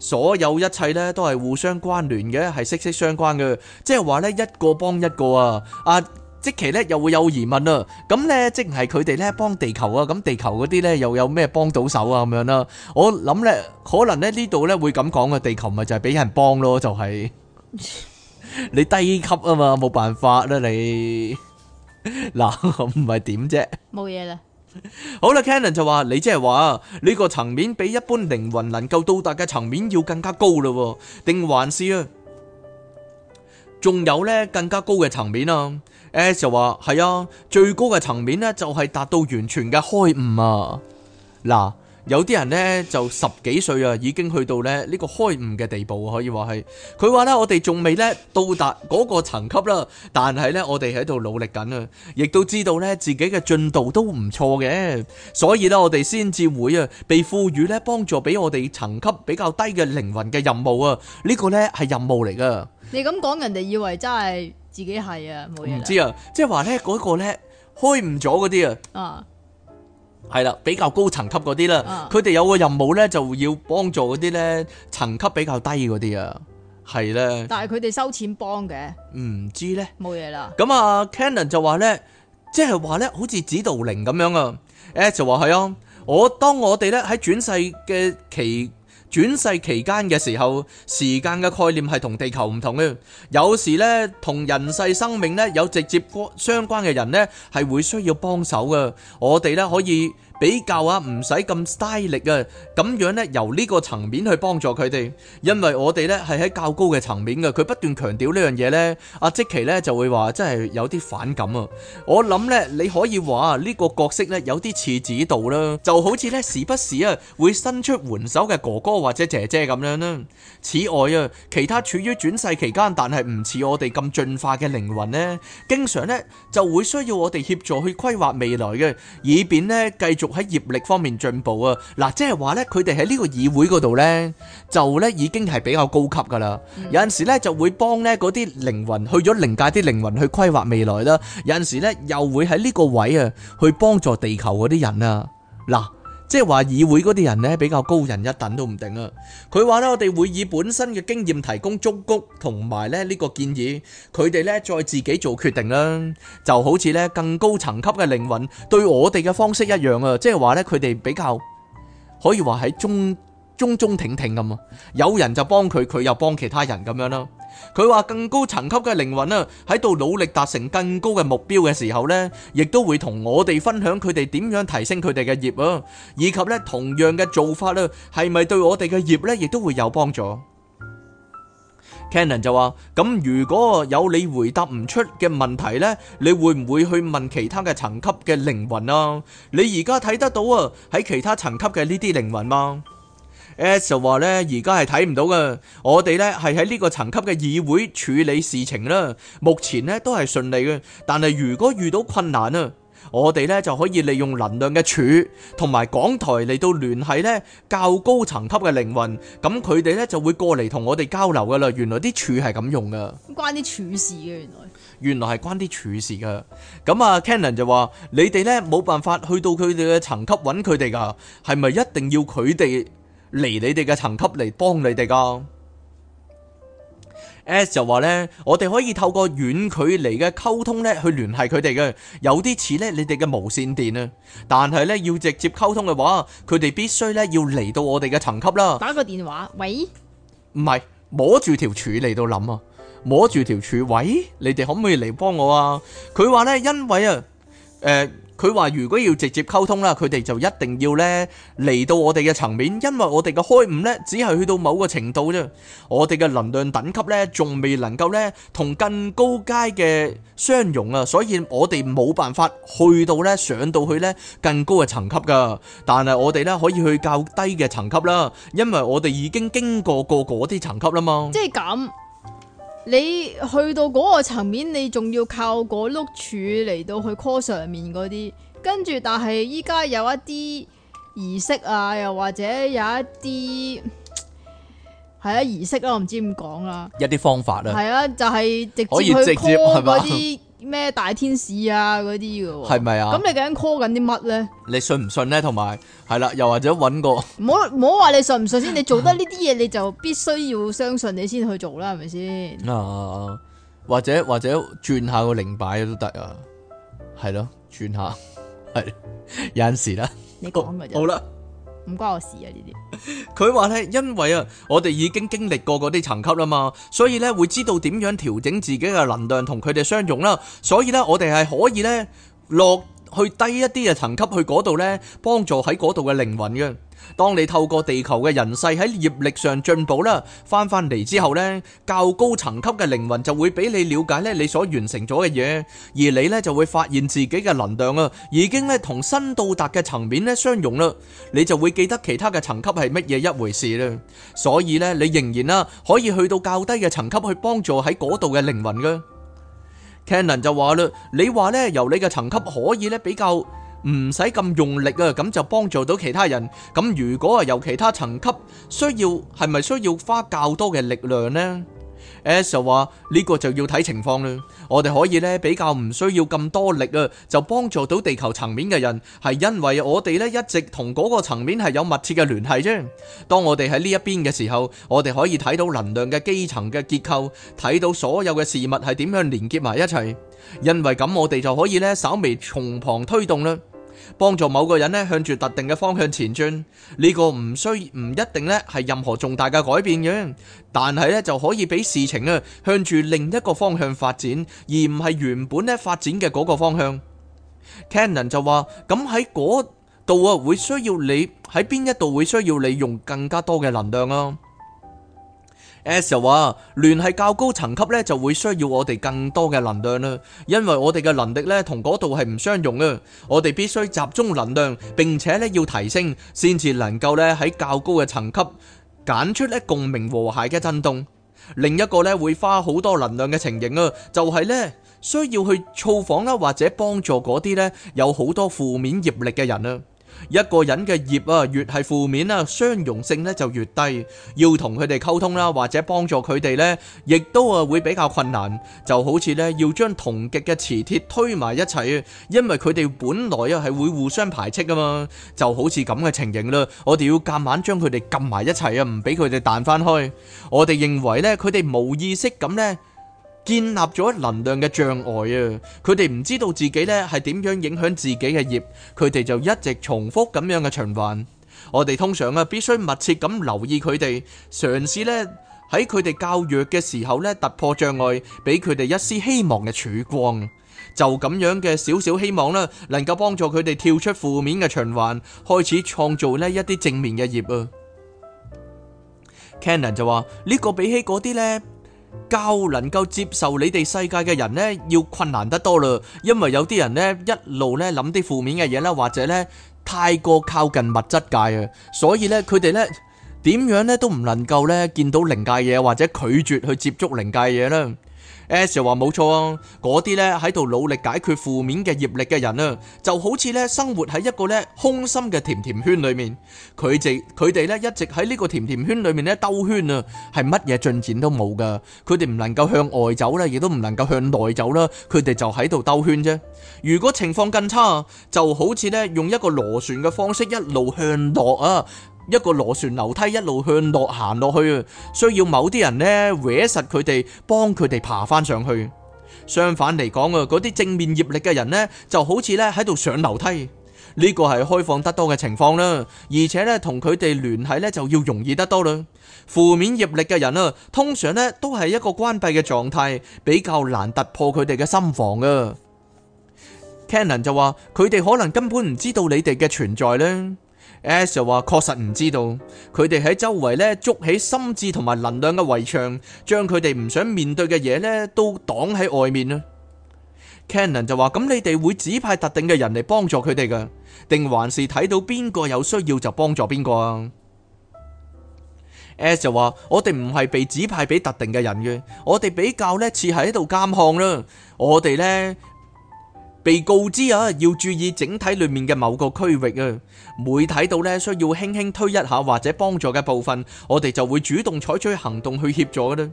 A: 所有一切咧都係互相關聯嘅，係息息相關嘅。即係話咧，一個幫一個啊，啊。即期咧又會有疑問啊！咁咧，即係佢哋咧幫地球啊，咁地球嗰啲咧又有咩幫到手啊？咁樣啦，我諗咧，可能咧呢度咧會咁講嘅地球咪就係俾人幫咯，就係、
B: 是、
A: 你低級啊嘛，冇辦法啦你嗱，唔係點啫？冇嘢啦。好啦，Cannon 就話：你即係話呢 你、這個層面比一般靈魂能夠到達嘅層面要更加高咯，定還是啊？仲有咧更加高嘅層面啊！誒，就話係啊，最高嘅層面呢就係達到完全嘅開悟啊！嗱，有啲人呢就十幾歲啊，已經去到咧呢個開悟嘅地步，可以話係。佢話呢我哋仲未呢到達嗰個層級啦，但係呢我哋喺度努力緊啊，亦都知道呢自己嘅進度都唔錯嘅，所以呢，我哋先至會啊，被賦予呢幫助俾我哋層級比較低嘅靈魂嘅任務啊，呢個呢係任務嚟噶。
B: 你咁講，人哋以為真係。
A: 自己係啊，冇嘢。唔知啊，即係話咧，嗰個咧開唔咗嗰啲啊，係啦，比較高層級嗰啲啦，佢哋、啊、有個任務咧，就要幫助嗰啲咧層級比較低嗰啲啊，係啦。但
B: 係佢哋收錢幫嘅，
A: 唔知咧，
B: 冇嘢啦。
A: 咁啊，Canon 就話咧，即係話咧，好似指導靈咁樣啊，誒、啊、就話係啊，我當我哋咧喺轉世嘅期。轉世期間嘅時候，時間嘅概念係同地球唔同嘅，有時咧同人世生命咧有直接相關嘅人咧係會需要幫手嘅，我哋咧可以。比較啊，唔使咁 style 啊，咁樣呢，由呢個層面去幫助佢哋，因為我哋呢係喺較高嘅層面嘅。佢、啊、不斷強調呢樣嘢呢，阿即奇呢就會話真係有啲反感啊。我諗呢，你可以話呢個角色呢，有啲似指導啦，就好似呢，時不時啊會伸出援手嘅哥哥或者姐姐咁樣呢。此外啊，其他處於轉世期間但係唔似我哋咁進化嘅靈魂呢，經常呢就會需要我哋協助去規劃未來嘅，以便呢繼續，喺業力方面進步啊！嗱，即係話呢，佢哋喺呢個議會嗰度呢，就咧已經係比較高級噶啦、嗯。有陣時咧就會幫呢嗰啲靈魂去咗靈界啲靈魂去規劃未來啦。有陣時咧又會喺呢個位啊，去幫助地球嗰啲人啊！嗱。即係話議會嗰啲人呢，比較高人一等都唔定啊！佢話呢，我哋會以本身嘅經驗提供足夠，同埋咧呢個建議，佢哋呢再自己做決定啦。就好似呢更高層級嘅靈魂對我哋嘅方式一樣啊！即係話呢，佢哋比較可以話係中中中挺挺咁啊，有人就幫佢，佢又幫其他人咁樣囉。佢話更高層級嘅靈魂啊，喺度努力達成更高嘅目標嘅時候呢，亦都會同我哋分享佢哋點樣提升佢哋嘅業啊，以及呢同樣嘅做法呢，係咪對我哋嘅業呢亦都會有幫助？Cannon 就話：咁如果有你回答唔出嘅問題呢，你會唔會去問其他嘅層級嘅靈魂啊？你而家睇得到啊，喺其他層級嘅呢啲靈魂嗎？S 就話咧，而家係睇唔到嘅。我哋咧係喺呢個層級嘅議會處理事情啦。目前呢都係順利嘅，但係如果遇到困難啊，我哋咧就可以利用能量嘅柱同埋港台嚟到聯繫咧較高層級嘅靈魂。咁佢哋咧就會過嚟同我哋交流噶啦。原來啲柱係咁用噶，
B: 關啲柱事嘅，原來
A: 原來係關啲柱事嘅。咁啊，Cannon 就話你哋咧冇辦法去到佢哋嘅層級揾佢哋㗎，係咪一定要佢哋？嚟你哋嘅層級嚟幫你哋噶，S 就話呢，我哋可以透過遠距離嘅溝通呢去聯繫佢哋嘅，有啲似呢，你哋嘅無線電啊，但係呢，要直接溝通嘅話，佢哋必須呢要嚟到我哋嘅層級啦。打
B: 個電話，喂？
A: 唔係，摸住條柱嚟到諗啊，摸住條柱，喂？你哋可唔可以嚟幫我啊？佢話呢，因為啊，誒、呃。佢話如果要直接溝通啦，佢哋就一定要呢嚟到我哋嘅層面，因為我哋嘅開悟呢只係去到某個程度啫，我哋嘅能量等級呢仲未能夠呢同更高階嘅相融啊，所以我哋冇辦法去到呢上到去呢更高嘅層級噶，但係我哋呢可以去較低嘅層級啦，因為我哋已經經過過嗰啲層級啦嘛。即
B: 係咁。你去到嗰個層面，你仲要靠嗰碌柱嚟到去 call 上面嗰啲，跟住但係依家有一啲儀式啊，又或者有一啲係啊儀式啦、啊，我唔知點講啦，
A: 一啲方法啦、啊，係
B: 啊，就係、可以、直接去 call 啲。嗰啲 咩大天使啊嗰啲嘅喎，係咪啊？咁你究竟 call 緊啲乜咧？
A: 你信唔信咧？同埋係啦，又或者揾個，唔
B: 好唔好話你信唔信先， 你做得呢啲嘢，你就必須要相信你先去做啦，係咪先？
A: 啊，或者或者轉下個零擺都得啊，係咯，轉下係， 有陣時啦，你
B: 講咪好啦。唔關我事啊！ 呢啲，
A: 佢話咧，因為啊，我哋已經經歷過嗰啲層級啦嘛，所以咧會知道點樣調整自己嘅能量同佢哋相融啦，所以咧我哋係可以咧落去低一啲嘅層級去嗰度咧，幫助喺嗰度嘅靈魂嘅。當你透過地球嘅人世喺業力上進步啦，翻翻嚟之後咧，較高層級嘅靈魂就會俾你了解咧，你所完成咗嘅嘢，而你呢就會發現自己嘅能量啊，已經咧同新到達嘅層面咧相融啦，你就會記得其他嘅層級係乜嘢一回事啦，所以咧你仍然啦可以去到較低嘅層級去幫助喺嗰度嘅靈魂嘅。Cannon 就話啦，你話咧由你嘅層級可以咧比較。唔使咁用力啊，咁就幫助到其他人。咁如果係由其他層級需要，係咪需要花較多嘅力量呢？S 就話呢個就要睇情況啦。我哋可以呢比較唔需要咁多力啊，就幫助到地球層面嘅人，係因為我哋呢一直同嗰個層面係有密切嘅聯繫啫。當我哋喺呢一邊嘅時候，我哋可以睇到能量嘅基層嘅結構，睇到所有嘅事物係點樣連結埋一齊，因為咁我哋就可以呢稍微從旁推動啦。幫助某個人咧，向住特定嘅方向前進，呢個唔需唔一定咧係任何重大嘅改變嘅，但係咧就可以俾事情啊，向住另一個方向發展，而唔係原本咧發展嘅嗰個方向。Cannon 就話：咁喺嗰度啊，會需要你喺邊一度會需要你用更加多嘅能量啊。S 話,聯繫較高層級呢,就會需要我哋更多嘅能量。因為我哋嘅能力呢,同嗰度係唔相容。我哋必須集中能量,並且呢,要提升,先至能夠呢,喺較高嘅層級,揀出呢,共鳴和諧嘅震動。另一個呢,會花好多能量嘅情形,就係呢,需要去操訪啦,或者幫助嗰啲呢,有好多負面業力嘅人啊。一個人嘅業啊，越係負面啦，相容性咧，就越低，要同佢哋溝通啦，或者幫助佢哋呢，亦都啊會比較困難。就好似呢，要將同極嘅磁鐵推埋一齊，因為佢哋本來啊係會互相排斥㗎嘛，就好似咁嘅情形啦。我哋要夾硬將佢哋撳埋一齊啊，唔俾佢哋彈翻開。我哋認為呢，佢哋冇意識咁呢，建立咗能量嘅障礙啊！佢哋唔知道自己咧係點樣影響自己嘅業，佢哋就一直重複咁樣嘅循環。我哋通常啊，必須密切咁留意佢哋，嘗試咧喺佢哋較弱嘅時候咧突破障礙，俾佢哋一絲希望嘅曙光。就咁樣嘅少少希望啦，能夠幫助佢哋跳出負面嘅循環，開始創造呢一啲正面嘅業。Cannon 就話，呢個比起嗰啲呢。夠能夠接受你哋世界嘅人呢，要困難得多啦，因為有啲人呢，一路呢諗啲負面嘅嘢啦，或者呢太過靠近物質界啊，所以呢，佢哋呢點樣都呢都唔能夠呢見到靈界嘢，或者拒絕去接觸靈界嘢呢。S 又話冇錯啊，嗰啲呢喺度努力解決負面嘅業力嘅人啊，就好似呢生活喺一個呢空心嘅甜甜圈裏面，佢哋佢哋呢一直喺呢個甜甜圈裏面呢兜圈啊，係乜嘢進展都冇噶，佢哋唔能夠向外走啦，亦都唔能夠向內走啦，佢哋就喺度兜圈啫。如果情況更差，就好似呢用一個螺旋嘅方式一路向落啊。一個螺旋樓梯一路向落行落去啊，需要某啲人咧搲實佢哋，幫佢哋爬翻上去。相反嚟講啊，嗰啲正面業力嘅人咧，就好似咧喺度上樓梯，呢個係開放得多嘅情況啦。而且咧，同佢哋聯繫咧就要容易得多啦。負面業力嘅人啊，通常咧都係一個關閉嘅狀態，比較難突破佢哋嘅心防啊。Cannon 就話佢哋可能根本唔知道你哋嘅存在咧。S, S 就話：確實唔知道，佢哋喺周圍咧築起心智同埋能量嘅圍牆，將佢哋唔想面對嘅嘢咧都擋喺外面啦。Cannon 就話：咁你哋會指派特定嘅人嚟幫助佢哋㗎，定還是睇到邊個有需要就幫助邊個啊？S 就話：我哋唔係被指派俾特定嘅人嘅，我哋比較咧似喺度監控啦，我哋呢。被告知啊，要注意整體裏面嘅某個區域啊，每睇到咧需要輕輕推一下或者幫助嘅部分，我哋就會主動採取行動去協助嘅啦。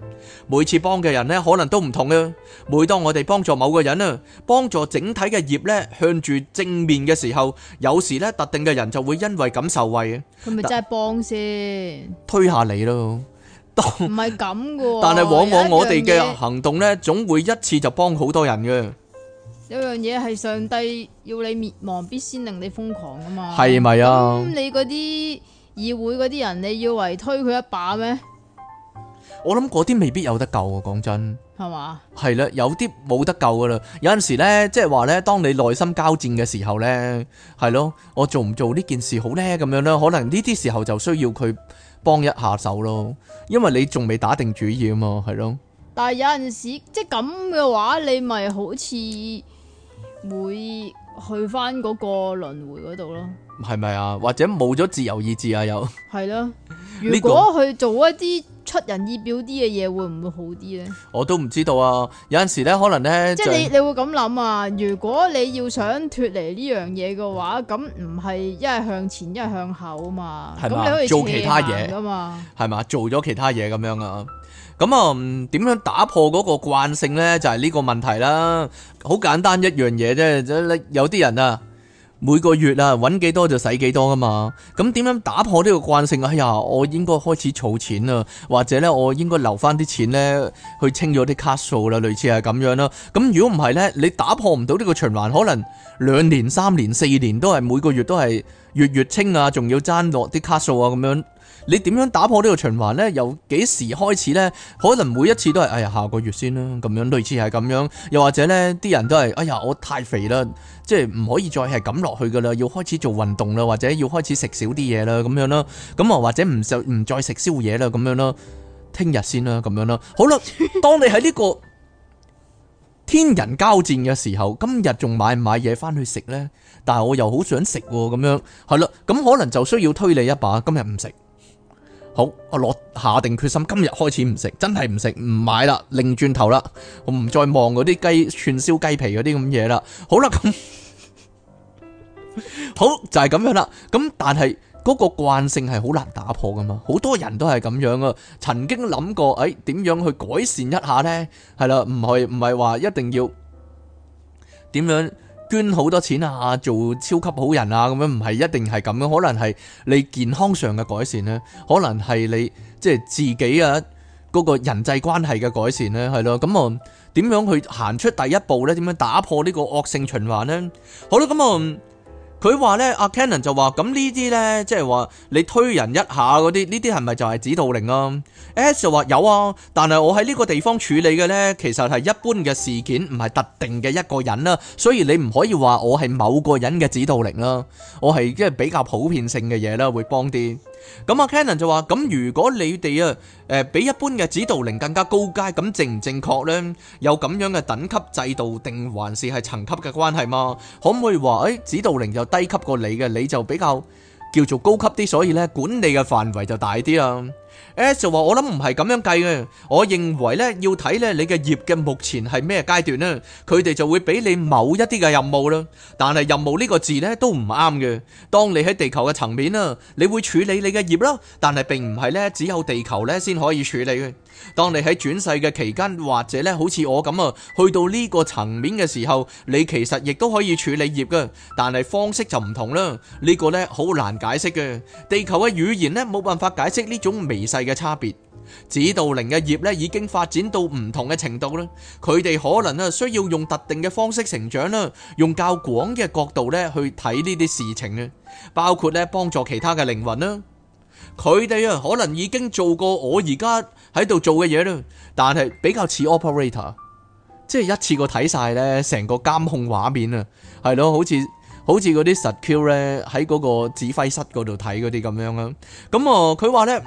A: 每次幫嘅人咧可能都唔同啊。每當我哋幫助某個人啊，幫助整體嘅業咧向住正面嘅時候，有時咧特定嘅人就會因為咁受惠啊。
B: 佢咪真係幫先？
A: 推下你咯，
B: 唔係咁噶。但係往往我哋嘅
A: 行動咧，總會一次就幫好多人嘅。
B: 有樣嘢係上帝要你滅亡，必先令你瘋狂噶嘛？係
A: 咪啊？咁你
B: 嗰啲議會嗰啲人，你要圍推佢一把咩？
A: 我諗嗰啲未必有得救啊！講真，
B: 係嘛
A: 吧？係啦，有啲冇得救噶啦。有陣時呢，即係話呢，當你內心交戰嘅時候呢，係咯，我做唔做呢件事好咧？咁樣呢，可能呢啲時候就需要佢幫一下手咯，因為你仲未打定主意啊嘛，係咯。
B: 但係有陣時，即係咁嘅話，你咪好似。會去翻嗰個輪回嗰度咯，
A: 係咪啊？或者冇咗自由意志啊？又
B: 係咯， 如果去做一啲出人意表啲嘅嘢，會唔會好啲咧？
A: 我都唔知道啊！有陣時咧，可能咧，即係你就你，你
B: 會咁諗啊？如果你要想脫離呢樣嘢嘅話，咁唔係一係向前，一係向後啊嘛？咁嗎你可以做其他嘢噶嘛？
A: 係嘛？做咗其他嘢咁樣啊？咁啊，點樣打破嗰個慣性呢？就係呢個問題啦。好簡單一樣嘢啫，有啲人啊，每個月啊，揾幾多就使幾多噶嘛。咁點樣打破呢個慣性啊？哎呀，我應該開始儲錢啊，或者呢，我應該留翻啲錢呢，去清咗啲卡數啦，類似係咁樣啦。咁如果唔係呢，你打破唔到呢個循環，可能兩年、三年、四年都係每個月都係月月清啊，仲要爭落啲卡數啊，咁樣。你點樣打破呢個循環呢？由幾時開始呢？可能每一次都係哎呀，下個月先啦，咁樣類似係咁樣，又或者呢啲人都係哎呀，我太肥啦，即係唔可以再係咁落去噶啦，要開始做運動啦，或者要開始食少啲嘢啦，咁樣囉，咁啊或者唔食唔再食宵夜啦，咁樣囉，聽日先啦，咁樣囉，好啦，當你喺呢個天人交戰嘅時候，今日仲買唔買嘢返去食呢？但係我又好想食喎，咁樣係啦，咁可能就需要推你一把，今日唔食。好，我落下定決心，今日開始唔食，真係唔食，唔買啦，擰轉頭啦，我唔再望嗰啲雞串燒雞皮嗰啲咁嘢啦。好啦，咁好就係咁樣啦。咁但係嗰個慣性係好難打破㗎嘛，好多人都係咁樣啊。曾經諗過，誒點樣去改善一下呢？係啦，唔係唔係話一定要點樣？捐好多錢啊，做超級好人啊，咁樣唔係一定係咁樣，可能係你健康上嘅改善咧，可能係你即係自己啊嗰個人際關係嘅改善咧，係咯，咁啊點樣去行出第一步咧？點樣打破呢個惡性循環咧？好啦，咁啊。佢話呢，阿 Cannon 就話：咁呢啲呢，即係話你推人一下嗰啲，呢啲係咪就係指導靈啊？S 就話有啊，但係我喺呢個地方處理嘅呢，其實係一般嘅事件，唔係特定嘅一個人啦、啊，所以你唔可以話我係某個人嘅指導靈啦、啊，我係即係比較普遍性嘅嘢啦，會幫啲。咁阿 Canon 就話，咁如果你哋啊，誒、呃，比一般嘅指導靈更加高階，咁正唔正確呢？有咁樣嘅等級制度，定還是係層級嘅關係嘛？可唔可以話，誒、哎，指導靈就低級過你嘅，你就比較叫做高級啲，所以呢，管理嘅範圍就大啲啊？S 就話我諗唔係咁樣計嘅，我認為呢，要睇呢你嘅業嘅目前係咩階段呢，佢哋就會俾你某一啲嘅任務啦。但係任務呢個字呢都唔啱嘅。當你喺地球嘅層面啊，你會處理你嘅業啦。但係並唔係呢，只有地球呢先可以處理嘅。當你喺轉世嘅期間或者呢好似我咁啊，去到呢個層面嘅時候，你其實亦都可以處理業噶，但係方式就唔同啦。呢個呢，好難解釋嘅，地球嘅語言呢，冇辦法解釋呢種微細，嘅差別，指導靈嘅業咧已經發展到唔同嘅程度啦。佢哋可能啊需要用特定嘅方式成長啦，用較廣嘅角度咧去睇呢啲事情啊，包括咧幫助其他嘅靈魂啦。佢哋啊可能已經做過我而家喺度做嘅嘢啦，但係比較似 operator，即係一次過睇晒咧成個監控畫面啊，係咯，好似好似嗰啲 secure 咧喺嗰個指揮室嗰度睇嗰啲咁樣啦。咁、嗯、啊，佢話咧。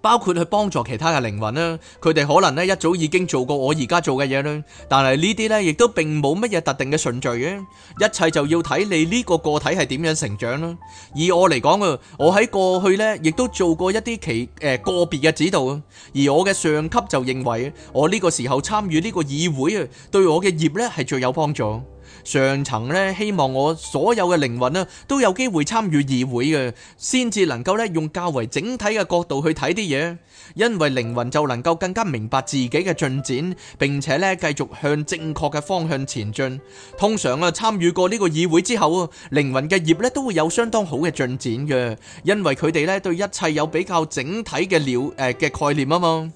A: 包括去幫助其他嘅靈魂啦，佢哋可能咧一早已經做過我而家做嘅嘢啦，但係呢啲咧亦都並冇乜嘢特定嘅順序嘅，一切就要睇你呢個個體係點樣成長啦。以我嚟講啊，我喺過去咧亦都做過一啲其誒、呃、個別嘅指導啊，而我嘅上級就認為我呢個時候參與呢個議會啊，對我嘅業咧係最有幫助。上層咧希望我所有嘅靈魂啦都有機會參與議會嘅，先至能夠咧用較為整體嘅角度去睇啲嘢，因為靈魂就能夠更加明白自己嘅進展，並且咧繼續向正確嘅方向前進。通常啊，參與過呢個議會之後，靈魂嘅業咧都會有相當好嘅進展嘅，因為佢哋咧對一切有比較整體嘅了誒嘅、呃、概念啊嘛。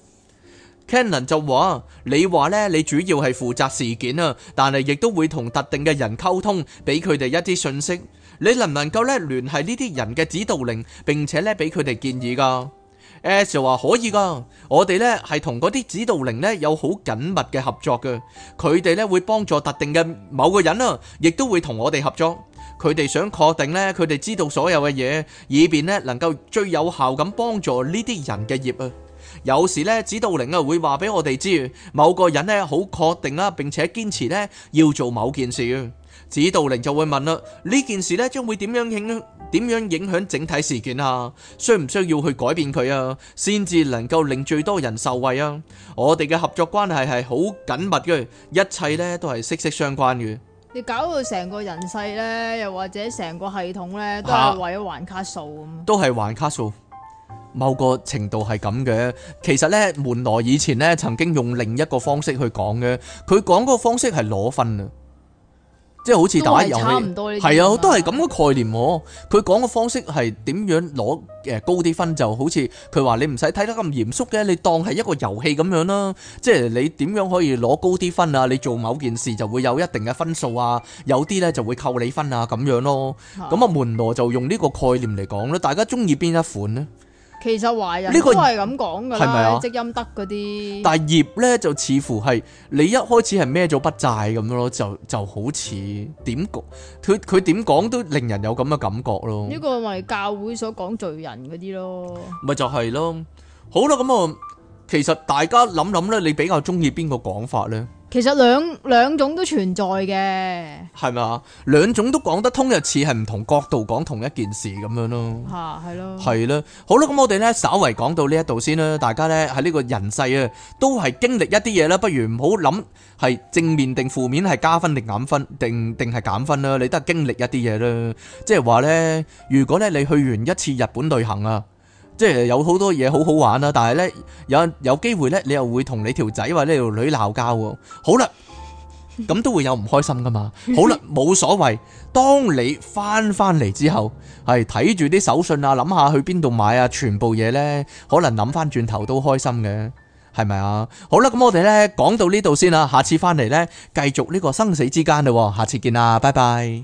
A: Canon 就話：你話咧，你主要係負責事件啊，但係亦都會同特定嘅人溝通，俾佢哋一啲信息。你能唔能夠咧聯繫呢啲人嘅指導靈，並且咧俾佢哋建議噶？Ash 就話可以噶，我哋咧係同嗰啲指導靈咧有好緊密嘅合作噶，佢哋咧會幫助特定嘅某個人啊，亦都會同我哋合作。佢哋想確定咧，佢哋知道所有嘅嘢，以便咧能夠最有效咁幫助呢啲人嘅業啊。有時咧，指導靈啊會話俾我哋知，某個人咧好確定啊，並且堅持咧要做某件事。指導靈就會問啦：呢件事咧將會點樣影？點樣影響整體事件啊？需唔需要去改變佢啊？先至能夠令最多人受惠啊！我哋嘅合作關係係好緊密嘅，一切咧都係息息相關嘅。
B: 你搞到成個人世咧，又或者成個系統咧，都係為咗還卡數咁。
A: 都係還卡數。某個程度係咁嘅，其實咧門羅以前咧曾經用另一個方式去講嘅，佢講個方式係攞分啊，即係好似打遊戲，係啊，都係咁嘅概念。佢講嘅方式係點樣攞誒高啲分，就好似佢話你唔使睇得咁嚴肅嘅，你當係一個遊戲咁樣啦。即係你點樣可以攞高啲分啊？你做某件事就會有一定嘅分數啊，有啲咧就會扣你分啊，咁樣咯。咁啊，門羅就用呢個概念嚟講啦，大家中意邊一款咧？
B: 其實壞人呢個都係咁講㗎啦，係咪啊？積陰德嗰啲。但係
A: 業咧就似乎係你一開始係孭咗筆債咁樣咯，就就好似點講？佢佢點講都令人有咁嘅感覺咯。呢個
B: 咪教會所講罪人嗰啲咯。
A: 咪就係咯。好啦，咁啊，其實大家諗諗咧，你比較中意邊個講法咧？
B: 其實兩兩種都存在嘅，
A: 係咪啊？兩種都講得通，又似係唔同角度講同一件事咁樣咯。吓、啊，係咯，係咯，好啦，咁我哋呢，稍微講到呢一度先啦。大家呢，喺呢個人世啊，都係經歷一啲嘢啦。不如唔好諗係正面定負面，係加分定減分定定係減分啦。你都係經歷一啲嘢啦。即係話呢，如果咧你去完一次日本旅行啊。即係有好多嘢，好好玩啦，但係呢，有有機會呢，你又會同你條仔或者條女鬧交喎。好啦，咁都會有唔開心噶嘛。好啦，冇所謂。當你翻翻嚟之後，係睇住啲手信啊，諗下去邊度買啊，全部嘢呢，可能諗翻轉頭都開心嘅，係咪啊？好啦，咁我哋呢講到呢度先啦，下次翻嚟呢，繼續呢個生死之間咯，下次見啦，拜拜。